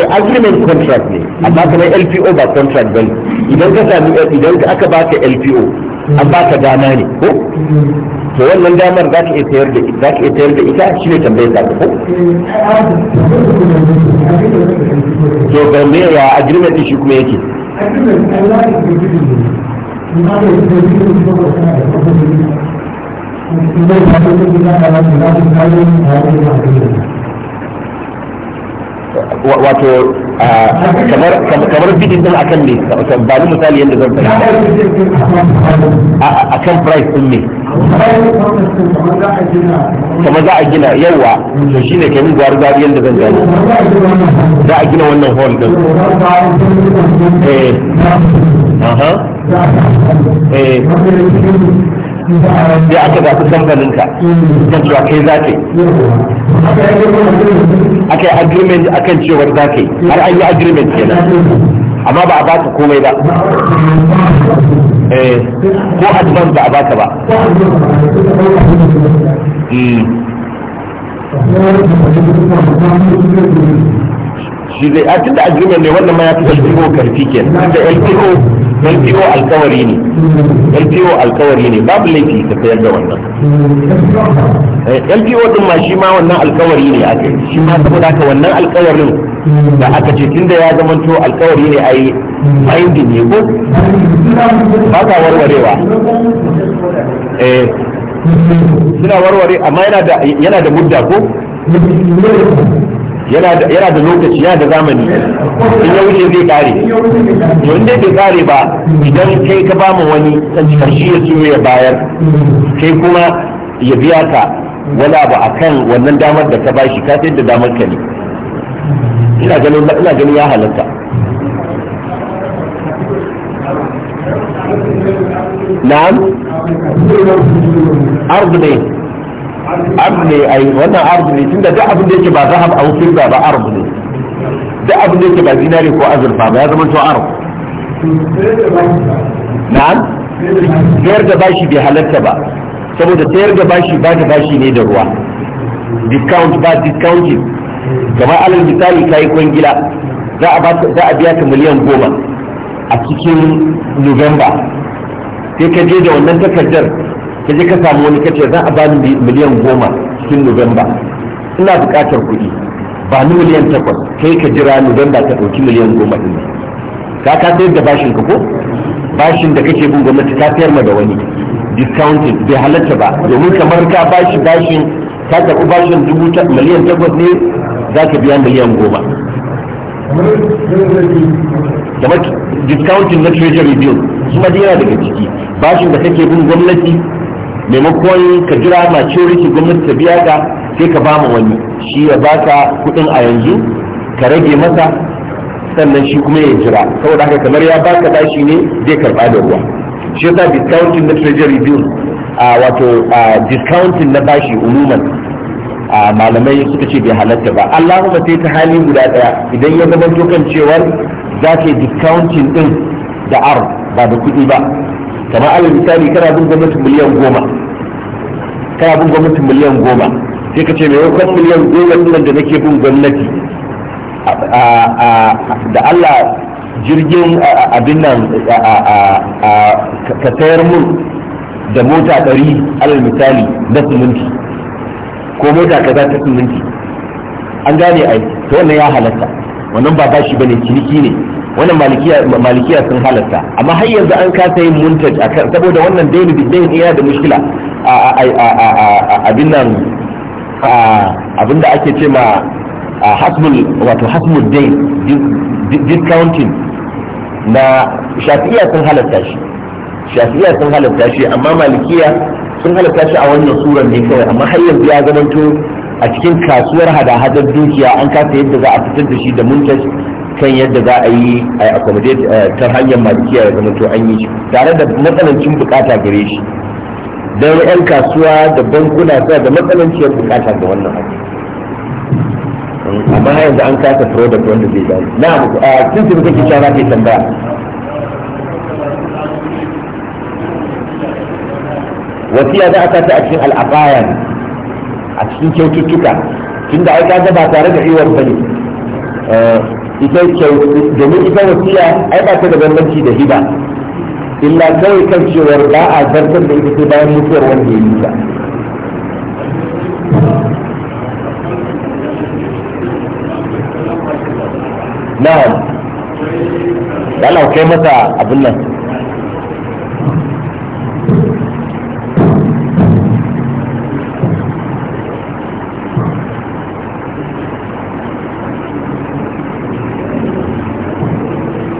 agreement contract ne amma kamar LPO ba contract bane idan ka sami idan aka baka LPO an baka dama ne ko to wannan damar za ka iya tayar da za ka iya tayar da ita shi ne tambayar ka ko to ga me ya agreement shi kuma yake Thank you. wato kamar bidin din akan ne ba ni misali yadda zan fahimta kan price din ne kamar za a gina yawa to shi ne kamin gwari gwari yadda zan gani za a gina wannan hall din eh eh ya aka ba su kamfanin ka da kai za ka yi aka yi agreement a kan cewar za ka yi har an yi agreement kenan amma ba a ba ka komai ba eh, ko advance ba a ba ka ba hmm. shi zai a tunda agreement ne wannan ma ya fi lpo karfi kenan da lpo don ciwo alkawari ne alkawari ne babu laifi ka da wannan lpo eh, din ma shi ma wannan alkawari ne aka shi ma saboda haka wannan alkawarin da aka ce tunda ya alkawari ne ko ba ka warwarewa eh suna warware amma yana da mudda ko yana da lokaci yana da zamani in ya wuce zai kare to inda bai kare ba idan kai ka ba mu wani karshe ya so ya bayar kai kuma ya biya ka wala ba kan wannan damar da ka bashi shi sayar da damar ka ne ina ganin ya halatta na'am ardu arb ne ai wannan arb ne da duk abin da yake ba zahab a fidda ba arb ne duk abin da yake ba zinari ko azurfa ba ya zama to arb na'am sayar da bashi bai halatta ba saboda sayar da bashi ba da bashi ne da ruwa discount ba discounting kamar alal misali ka yi kwangila za a biya ka miliyan goma a cikin nuwamba sai ka je da wannan takardar ka je ka samu wani kace za a bani miliyan goma cikin nuwamba ina buƙatar kuɗi ba ni miliyan takwas kai ka jira nuwamba ta ɗauki miliyan goma ɗin ka ka sayar da bashin ka ko bashin da kake bin gwamnati ka sayar ma da wani discounting bai halatta ba domin kamar ka bashi bashin ka karɓi bashin dubu miliyan takwas ne za ka biya miliyan goma kamar discounting na treasury bill su ma yana daga ciki bashin da kake bin gwamnati maimakon ka jira ciwuriki gwamnati ta biya ka sai ka bamu wani shi ya ba ka kuɗin a yanzu ka rage masa sannan shi kuma ya jira saboda haka kamar ya ba ka bashi ne zai karba da ruwa shi yasa discounting na treasury bill a wato discounting na bashi umuman a malamai suka ce bai halatta ba allahumma sai ta hali guda daya idan ya zama dokan cewar za ka yi discounting din da ar ba da kuɗi ba kamar alal misali kana bin gwamnatin miliyan goma kana bin gwamnatin miliyan goma sai ka ce mai kwan miliyan goma nan da nake bin gwamnati da Allah jirgin abin nan ka sayar mun da mota ɗari alal misali na siminti ko mota kaza ta siminti an gane ai to wannan ya halatta wannan ba bashi bane ciniki ne wannan malikiya sun halatta amma har yanzu an kasa yin muntaj kan, saboda wannan daily bidin yana da mushkila abin nan abin da ake ce ma hasmul wato hasmul day discounting na shafi'iya sun halatta shi shafi'iya sun halatta shi amma malikiya sun halatta shi a wannan surar ne kawai amma har yanzu ya zamanto a cikin kasuwar hada-hadar dukiya an kasa yadda za a fitar da shi da muntaj kan yadda za a yi a accommodate eh, ta hanyar malikiya ya zama to an yi shi tare da matsanancin bukata gare shi don yan kasuwa da bankuna suna da matsananciyar bukata ga wannan hanyar mm, amma yanzu an kasa product wanda zai dace na a kin su kake shara ke tambaya wasiya za a kasa a cikin al'afaya a cikin kyaututtuka tunda ai ka ba tare da iwar bane eh, ita domin ita wasiya ai ba ta da bambanci da hiba illa kawai kan cewar ba a zartar da ita sai bayan mutuwar wanda ya yi ta na'am Allah kai masa abin nan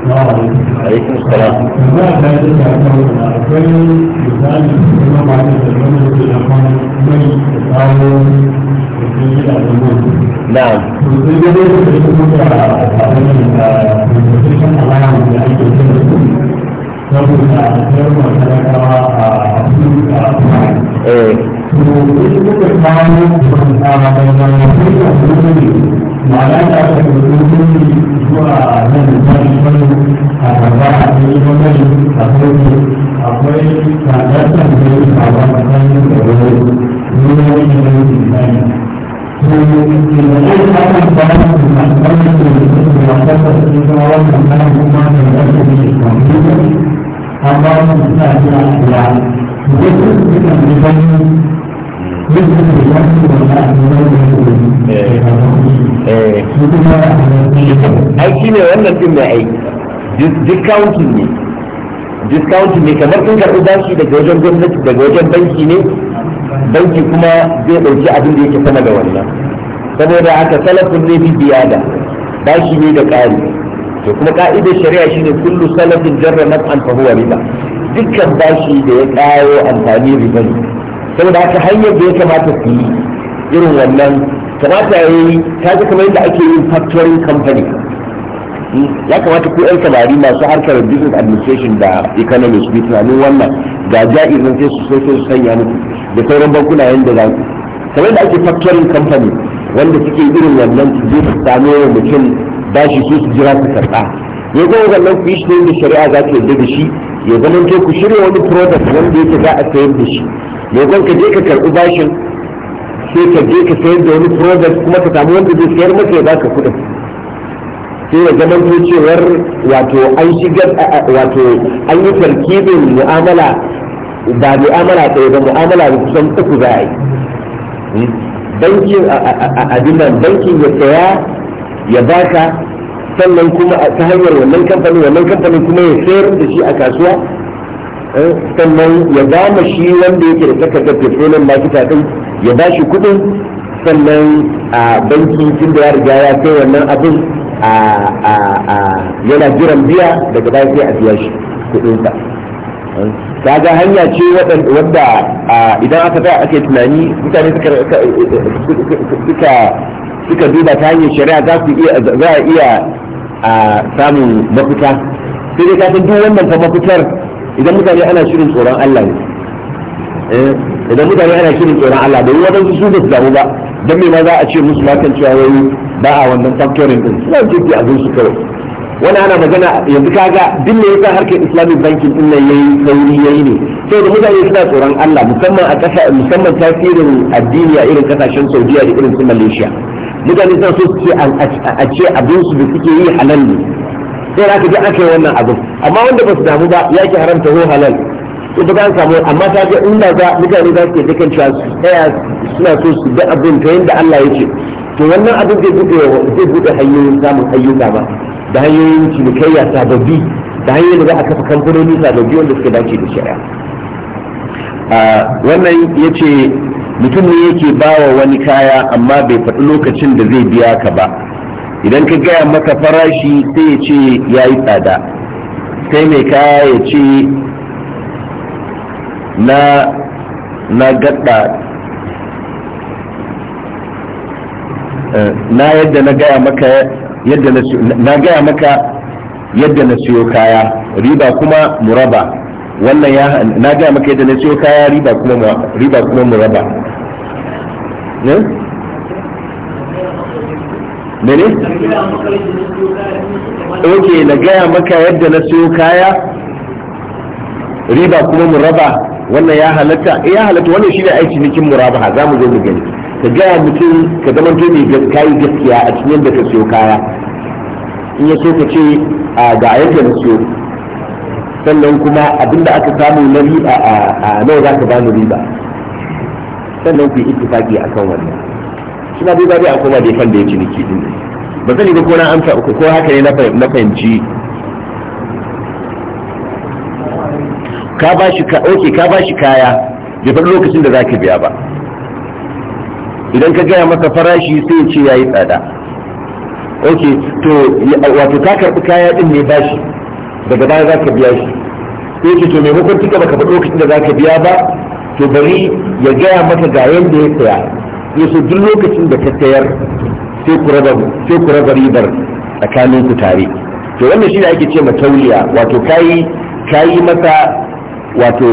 alaikum salam da ma'ana ta ta rubutu zuwa nan wani wani a gaba a cikin wani a kowace akwai tsadarsan da ya saba a kanin da wani nuna wani da wani tsari to da zai samun bayan da masu wani da ya Eh. Eh. aiki ne wannan din mai aiki discounting ne discounting ne kamar kun karɓi bashi daga wajen gwamnati daga wajen banki ne banki kuma zai ɗauki abin da yake sama da wannan saboda haka salafin ne bi da bashi ne da ƙari to kuma ka'idar shari'a shine kullu salafin jarra naf'an fa huwa riba dukkan bashi da ya kawo amfani riba ne saboda haka hanyar da ya kamata su yi irin wannan kamata ya yi ta ji kamar yadda ake yin factoring company ya kamata ku yan samari masu harkar business administration da economics bi tunanin wannan ga ja'izin sai su sai su sanya muku da sauran bankuna yadda za ku kamar yadda ake factoring company wanda suke irin wannan su je su samu mutum bashi su su jira su karɓa ya kuma wannan ku yi shi ne shari'a za ta yadda da shi ya zama to ku shirya wani product wanda yake za a sayar da shi maimakon ka je ka karɓi bashin sai ka je ka sayar da wani product kuma ka samu wanda zai sayar maka ya baka kuɗin sai ya zama to cewar wato an shigar wato an yi tarkibin mu'amala ba mu'amala ɗaya ba mu'amala da kusan uku za a yi hmm? bankin abin bankin ya tsaya ya baka sannan kuma ta hanyar wannan kamfanin wannan kamfanin kuma ya sayar da shi a kasuwa eh, sannan ya dama shi wanda yake da takardar petroleum market din ya ba shi kuɗin sannan a banki tun da ya riga ya kai wannan abin yana jiran biya daga baya sai a biya shi kuɗinsa kaga hanya ce wadda idan aka tsaya ake tunani mutane suka suka duba ta hanyar shari'a za su iya za a iya a samun mafita sai dai ka duk wannan fa mafitar idan mutane ana shirin tsoron Allah ne eh, idan mutane ana shirin tsoron Allah da wadansu su ba su damu ba dan me ma za a ce musu ma kan cewa wai ba a wannan factoring din suna jirgi a su kawai wani ana magana yanzu kaga duk ne yasa harkar islamic banking din nan yayi sauri yayi ne sai da mutane suna tsoron Allah musamman a kasa musamman tasirin addini a irin kasashen Saudiya da irin su Malaysia mutane suna so su ce a ce abin su da suke yi halal ne sai ka ji aka yi wannan abin amma wanda ba su damu ba ya ke haramta ko halal ko ba samu amma ta ga inda za mutane za su ke dukan cewa su tsaya suna so su da abin ta yadda Allah ya ce to wannan abin zai buɗe zai buɗe hanyoyin samun ayyuka ba da hanyoyin cinikayya sababbi da hanyoyin da za a kafa kamfanoni sababbi wanda suka dace da shari'a wannan ya ce mutum ne yake bawa wani kaya amma bai faɗi lokacin da zai biya ka ba idan ka gaya maka farashi sai ya ce ya yi tsada sai mai kaya ya ce na na gadda eh, na yadda na gaya maka yadda na gaya maka yadda na siyo kaya riba kuma muraba wannan ya na ga maka yadda na ce kaya riba kuma mu riba kuma mu raba ne mene oke na gaya maka yadda na siyo kaya riba kuma mu raba wannan ya halatta Eh ya halatta wannan shine aiki nikin murabaha za mu zo mu gani ka gaya mutum ka zama to ga kai gaskiya a cikin yadda ka siyo kaya in ya so ka ce a ga yadda na siyo sannan kuma abinda aka samu na riba a nawa za ka ba mu riba sannan ku yi ittifaki a kan wannan suna dai zabi a koma dai kan da ya ciniki din ba zan ga ko na amsa ko haka ne na fahimci ka ba shi ka okay ka ba shi kaya bai bar lokacin da za ka biya ba idan ka gaya masa farashi sai ce ya yi tsada okay to wato ka karɓi kaya din ne ba shi? daga baya za ka biya shi sai ce to maimakon tuka baka faɗo lokacin da za ka biya ba to bari ya gaya maka ga yadda ya saya ya duk lokacin da ka sayar sai ku raba ribar tsakanin ku tare to wannan shi ne ake ce matauliya wato kayi kayi masa wato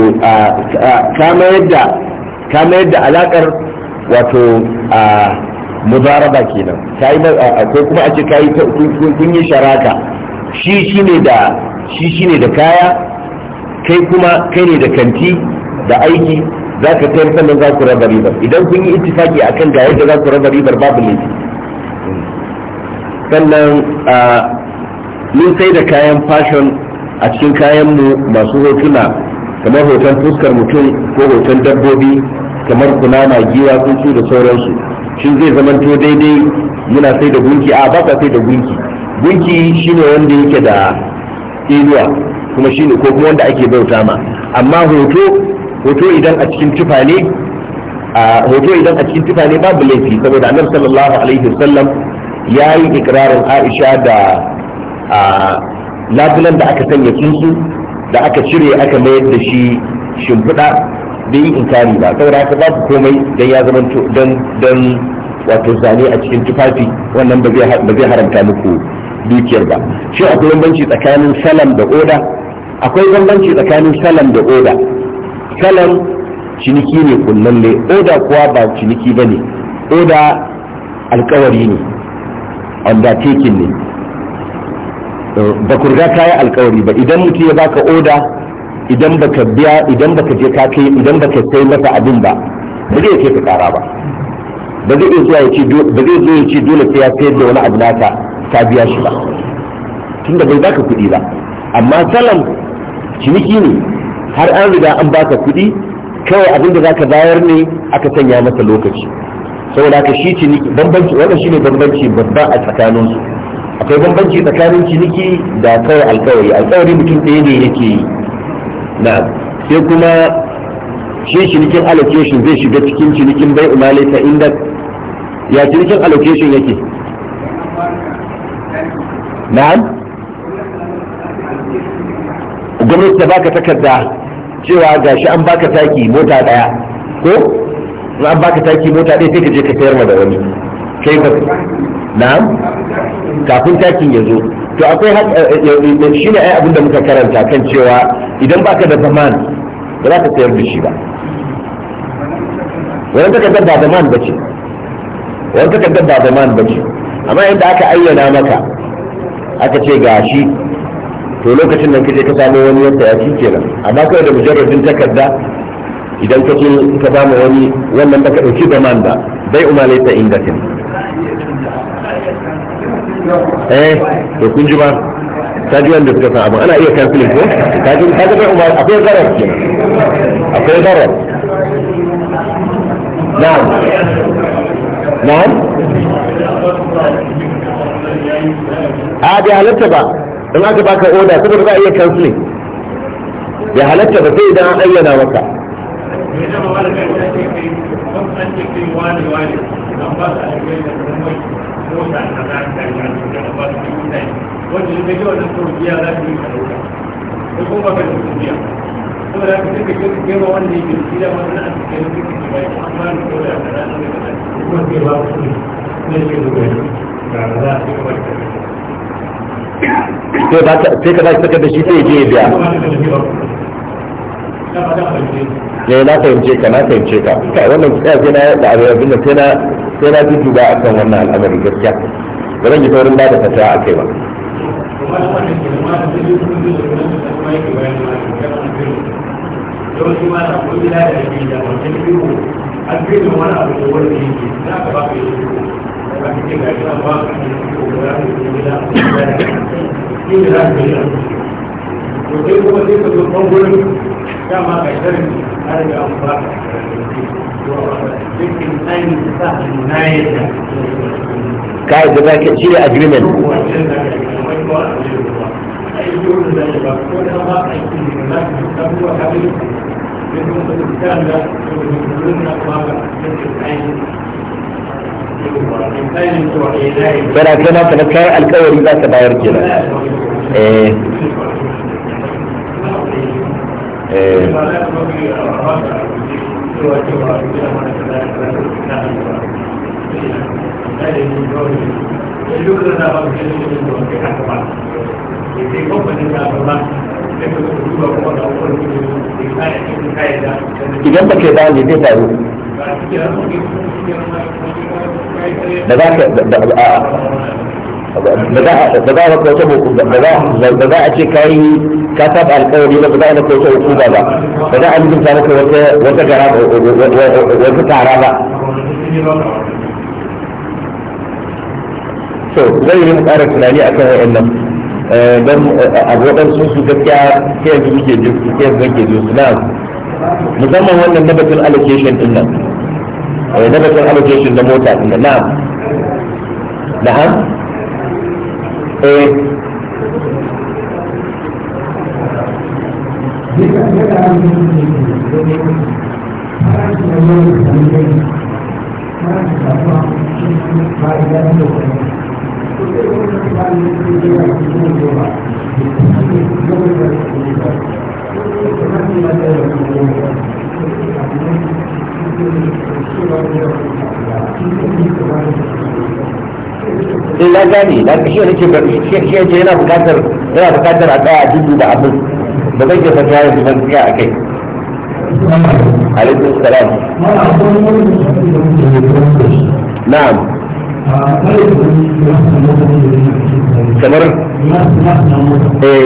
ka mayar da ka mayar da alakar wato muzaraba kenan kayi akwai kuma a ce kai kun yi sharaka shi ne da shi ne da kaya kai kuma kai ne da kanti da aiki za ka tayar sannan za ku raba ribar idan kun yi ittifaki kan ga yadda za ku raba ribar babu ne sannan mun sai da kayan fashion a cikin kayan mu masu hotuna kamar hoton fuskar mutum ko hoton dabbobi kamar kunama giwa tsuntsu da sauransu shin zai zamanto daidai muna sai da gunki a ba sai da gunki gunki shine wanda yake da inuwa kuma shine ko kuma wanda ake bauta ma amma hoto hoto idan a cikin tufa ne a hoto idan a cikin tufa ne babu laifi saboda annabi sallallahu alaihi wasallam ya yi aisha da labulan da aka sanya kinsu da aka cire aka mayar da shi shimfiɗa da yi inkari ba saboda haka babu komai dan ya zama dan wato zane a cikin tufafi wannan ba zai haramta muku dukiyar ba shi akwai bambanci tsakanin salam da oda akwai bambanci tsakanin salam da oda salam ciniki ne kullalle oda kuwa ba ciniki ba ne oda alkawari ne undertaking ne ba ku riga kayi alkawari ba idan mutum ya baka oda idan baka biya idan baka je ka kai idan baka sai masa abin ba ba zai kai ka kara ba ba zai iya zuwa ya ce dole sai ya sayar da wani abu naka ka biya shi ba tun da bai baka kuɗi ba amma salam ciniki ne har an riga an baka kuɗi kawai abin da zaka bayar ne aka sanya masa lokaci saboda ka shi ciniki bambanci wannan shine bambanci babba a tsakanin su akwai bambanci tsakanin ciniki da kawai alkawari alkawari mutum ɗaya ne yake yi na sai kuma shi cinikin allocation zai shiga cikin cinikin bai umalai ta inda ya cinikin allocation yake na'am gwamnati ta baka takarda cewa gashi an baka taki mota daya ko in an baka taki mota daya sai ka je ka sayar ma da wani kai ba na'am kafin takin ya zo to akwai eh, eh, eh, shi ne ai abinda muka karanta kan cewa idan baka da zaman ba za ka sayar da shi ba wani takardar ba zaman ba ce wani takardar ba zaman ba ce amma yadda aka ayyana maka aka ce gashi to lokacin nan kaje ka samu wani yadda ya ci kenan amma kai da mujarradin takarda idan ka ce ka samu wani wannan baka dauki da man ba bai umalaita ingatin eh to kun ji ba ta ji wanda suka san abin ana iya kansilin ko ta ji ta ga bai umar akwai zarar kenan akwai zarar na'am na'am a bai halatta ba in aka baka oda saboda za a iya canceling bai halatta ba sai idan an ayyana maka Thank you. sai ka ba shi takardar shi sai je biya ne na fahimce ka na fahimce ka kai wannan kiya sai na da abin da sai na sai na duduba akan wannan al'amari gaskiya ba zan yi saurin ba da fata a kai ba yawanci ma da kuma gida da yake da wajen biyu an biyu wani abu da wani yake za ka ba ka yi sai kuma sai ka zo ɓangaren dama ga shirin har da an ba ka ka yi gaba ka cire agreement Thank you. kana kai naka na kai alkawari za ka bayar kenan eh eh idan ba ke ne zai faru da za ka da za a kauce da za a ce ka yi ka saba alkawari ba za a kauce hukuma ba ba za a rubuta maka wata wata gara wata tara ba so zai yi ƙara tunani a kan wa'annan don abu waɗansu su gaskiya ke yanzu muke jinsu ke yanzu muke jinsu na musamman wannan nabatin allocation din nan na nabatin allocation da mota din nan na'am na'am eh Thank you. sai eh, na gane na shi ne ce shi ce yana bukatar yana bukatar a tsaya dudu da abin ba zai ke fata yanzu ban tsaya a kai alaikum salam na'am kamar eh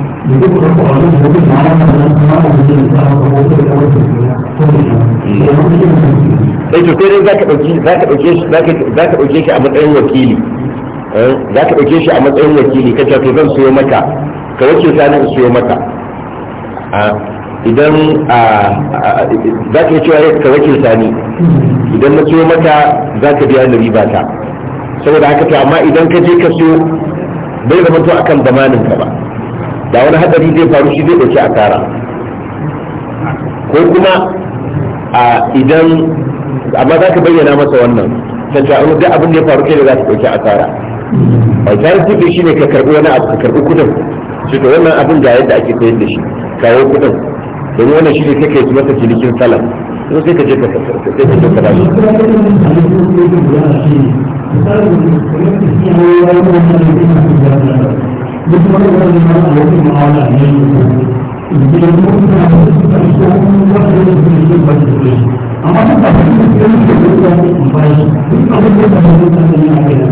sai eh, to sai za ka ɗauke shi a matsayin wakili eh, za ka ɗauke shi a matsayin wakili ka to zan siyo maka ka wace sani in siyo maka idan za ka cewa ka wace sani idan na siyo maka za ka biya ni riba ta saboda haka to amma idan ka je ka siyo bai zama to akan zamanin ka ba da wani hadari zai faru shi zai dauki asara ko kuma a idan amma za ka bayyana masa wannan can ta duk abin da ya faru kai da za ka dauki asara a tarihi shi ne ka karbi wani abu ka karbi kudin shi to wannan abin ga yadda ake sayar da shi kawo kudin domin wannan shi ne kai yi masa cinikin salam sai ka je ka sai ka je ka bashi duk wani wani na wani ma'ana ne da kuma suna da su kan so kuma su da su ne su ba su ne amma duk abin da su yi da su ba su ba su duk abin da su yi da su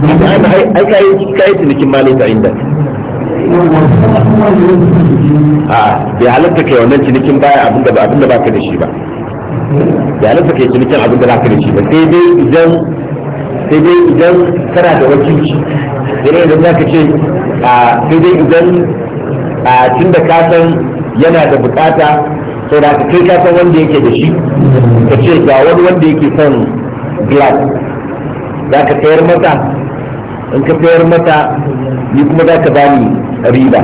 ne a kai nan ai kai kai cinikin malika a bai halatta kai wannan cinikin baya abinda ba abinda baka da shi ba bai halatta kai cinikin abinda baka da shi ba sai dai idan sai dai idan kana da wakilci dare da za ka ce a sai dai idan a tun da kasan yana da bukata sau da ka kai kasan wanda yake da shi ka ce ga wani wanda yake son glass za ka tayar mata in ka sayar mata ni kuma za ka bani riba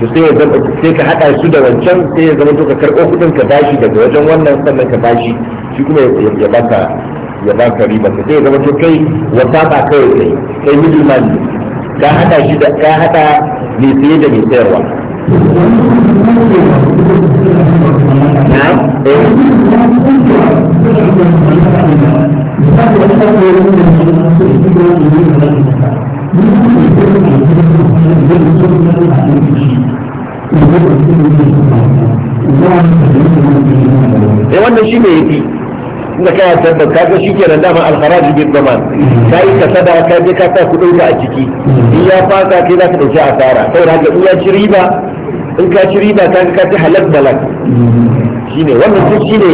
to sai sai ka haɗa su da wancan sai ya zama to ka karɓo kuɗin ka bashi daga wajen wannan sannan ka bashi shi kuma ya baka ya ba ka riba ka sai zama to kai wata ba kai kai kai middleman ne ka hada shi da ka hada ne sai da mai sayarwa wannan shi ne yafi inda kana tabbar ka ga shikenan dama al-kharaj bil zaman kai ka sada ka je ka sa kudin ka a ciki in ya fasa kai za ka dauki asara saboda haka in ya ci riba in ka ci riba ka ka ci halal balak shine wannan duk shine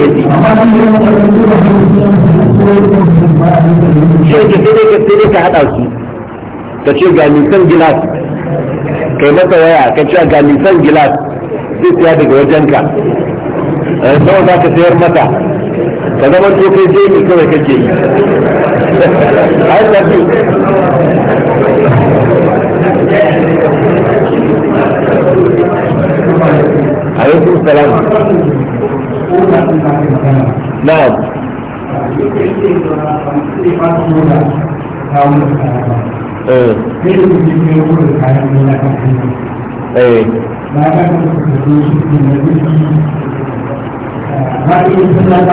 yafi shi ke sai ka sai ka hada su ka ce ga nisan gilas kai masa waya ka ce ga nisan gilas duk ya daga wajenka sau za ka sayar mata ka zama to kai je kawai kake yi ai alaikum salam na'am eh, eh. shi ne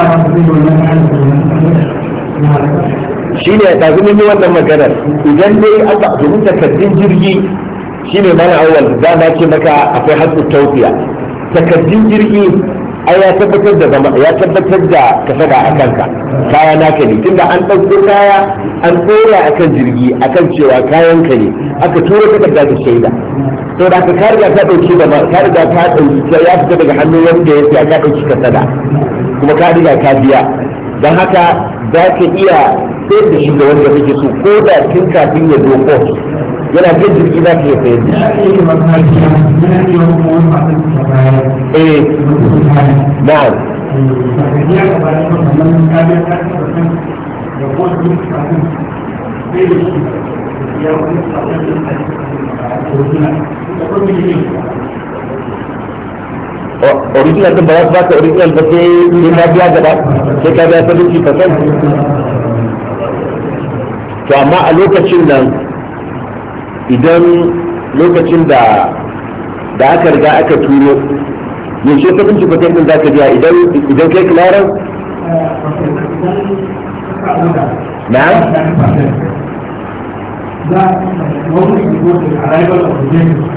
ta zama yi wannan maganar idan dai aka domin takardun jirgi shi ne mana awal za na ce maka akwai hatsu taufiya takardun jirgi ai ya tabbatar da zama ya tabbatar da ka ga a kanka kaya naka ne tunda an ɗauko kaya an ɗora akan jirgi akan cewa kayan ka ne aka tura ka da shaida to da ka riga ka ɗauki da ba ka riga ka ɗauki ya fita daga hannun wanda ya siya ka ɗauki ka sada kuma ka riga ka biya don haka za ka iya sai da shi da wanda kake so ko da tun kafin ya zo ko yana jin jirgi za ka iya sayar da shi. Eh, na'am. Thank you. original din ba za su ba original ba sai yi na biya gaba sai ka biya seventy percent to amma a lokacin nan idan lokacin da da aka riga aka turo yaushe seventy percent din za ka biya idan kai clearance na za a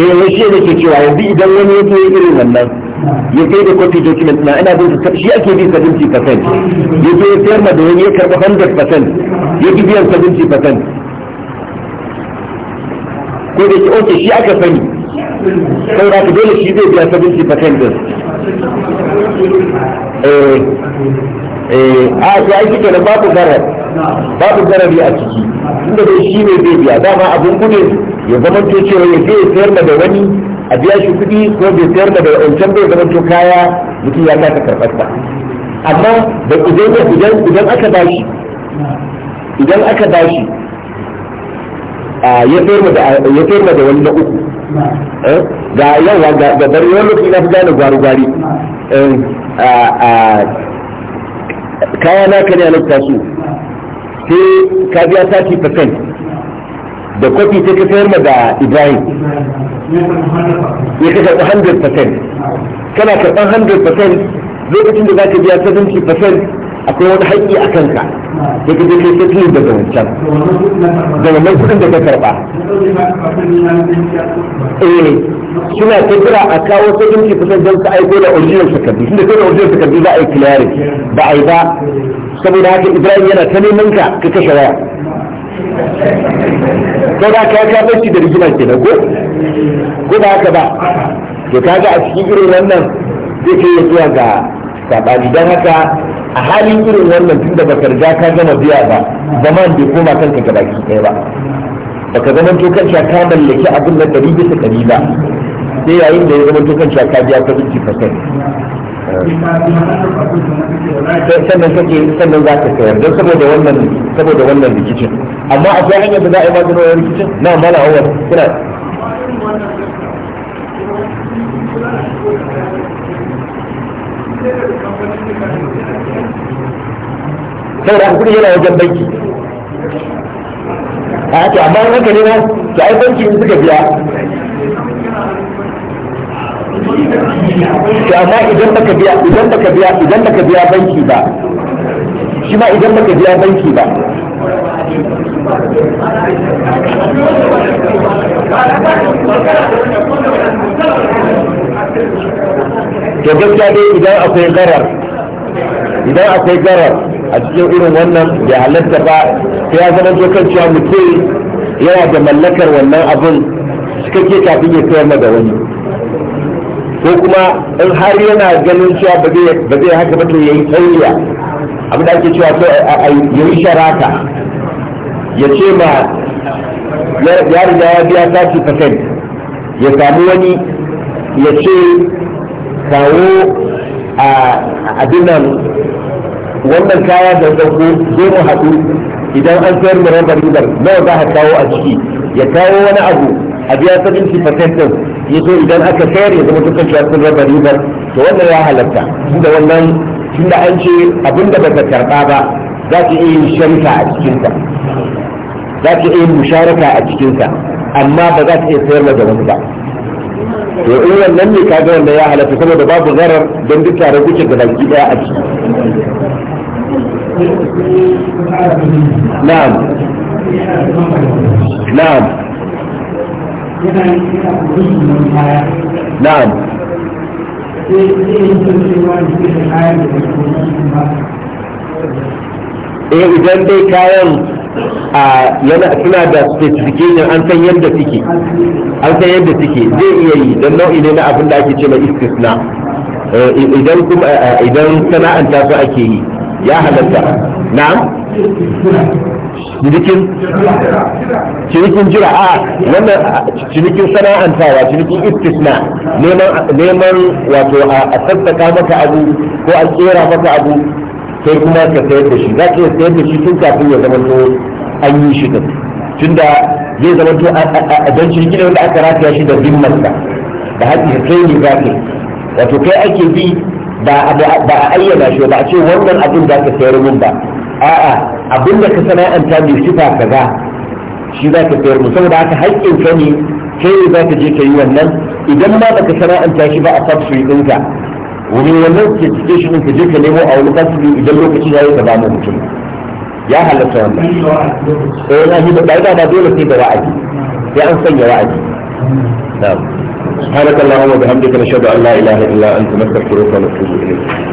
eh wai shi ne ke cewa yanzu idan wani ya ke irin wannan ya kai da kwafi document na ina bin sa shi ake bi 70% ya je ya sayar ma da wani ya karɓa 100% ya ji biyan 70% ko da ke oke shi aka sani sai ba dole shi zai biya 70% din eh eh a sai ake kenan babu zarar babu zarari a ciki inda dai shi ne zai biya dama abun gudun ya zama to cewa ya je ya sayar da wani a biya shi kuɗi ko bai sayar da wancan bai zama to kaya mutum ya kasa karɓar sa amma da idan idan idan aka bashi idan aka bashi ya sayar da wani na uku eh, ga yawa ga bari wani lokaci na fi gane gwari-gwari eh, kaya na kan ne a su sai ka biya 30% da kwafi sai ka sayar ma da ibrahim ya ka karɓi 100% kana karɓar 100% lokacin da za ka biya 70% akwai wani haƙƙi a kanka da ka je kai settling daga wancan da wannan kuɗin da ka karɓa eh suna ta jira a kawo 70% don ka aiko da original takardu tunda kai da original takardu za a yi clearing ba a yi ba saboda haka ibrahim yana ta neman ka ka kashe waya ko da ka ga bacci da rigima ke ko ko ba haka ba to ga a cikin irin wannan zai kai ya zuwa ga sabani don haka a halin irin wannan tunda baka riga ka gama biya ba zaman bai koma kanka ga baki ɗaya ba baka zama to kan ka mallaki abin da ɗari bisa ɗari ba sai yayin da ya zama to kan ka biya ka 50% sannan kake sannan za ka sayar don saboda wannan saboda wannan rikicin amma akwai hanyar da za a yi maganin wannan rikicin na mala awar kuna saboda kudi yana wajen banki a ake amma haka ne na to ai banki suka biya to amma idan baka biya idan baka biya idan baka biya banki ba shi ma idan baka biya banki ba to gaskiya dai idan akwai garar idan akwai garar a cikin irin wannan da halatta ba sai ya zama kan cewa mutum yana da mallakar wannan abin cikakke kafin ya sayar da wani ko kuma in har yana ganin cewa ba zai haka ba to yayi tsayya abin da ake cewa to yayi sharaka ya ce ma ya riga ya biya 30% ya samu wani ya ce kawo a abinan wannan kaya da dauko zo mu haɗu idan an sayar mu rabar ribar nawa za a kawo a ciki ya kawo wani abu a biya 70% din ya zo idan aka sayar ya zama dukkan cewa kun raba ribar to wannan ya halatta tunda wannan tunda an ce abin da baka karba ba za ka iya yin sharika a cikinsa za ka iya yin musharaka a cikinsa amma ba za ka iya sayar da wani ba to in wannan ne kaga wannan ya halatta saboda babu zarar don duk tare kuke da baki daya a ciki na'am na'am na'am eh idan dai kayan a yana suna da specification an san yadda suke an san yadda suke zai iya yi don nau'i ne na abin da ake ce mai istisna eh, idan kuma idan sana'anta su ake yi ya halatta na cinikin cinikin jira a wannan cinikin sana'antawa cinikin istisna neman wato a sassaka maka abu ko a kera maka abu sai kuma ka sayar da shi za ka iya sayar da shi tun kafin ya zama to an yi shi din tunda zai zama to a don cinikin wanda aka rataya shi da zimmarsa da haƙƙi kai ne za wato kai ake bi ba a ayyana shi ba a ce wannan abin za ka sayar min ba a'a abin da ka sana'anta mai sifa kaza shi za ka sayar musamman da haka haƙƙin ka ne kai ne za ka je ka yi wannan idan ma baka sana'anta shi ba a subsidy ɗinka wani wannan ke certification ɗin ka je ka nemo a wani subsidy idan lokaci ya yi ka ba mutum ya halatta wannan eh yana shi da ɗaya ba dole sai da wa'azi sai an sanya wa'azi سبحانك اللهم وبحمدك نشهد ان لا اله الا انت نستغفرك ونتوب اليك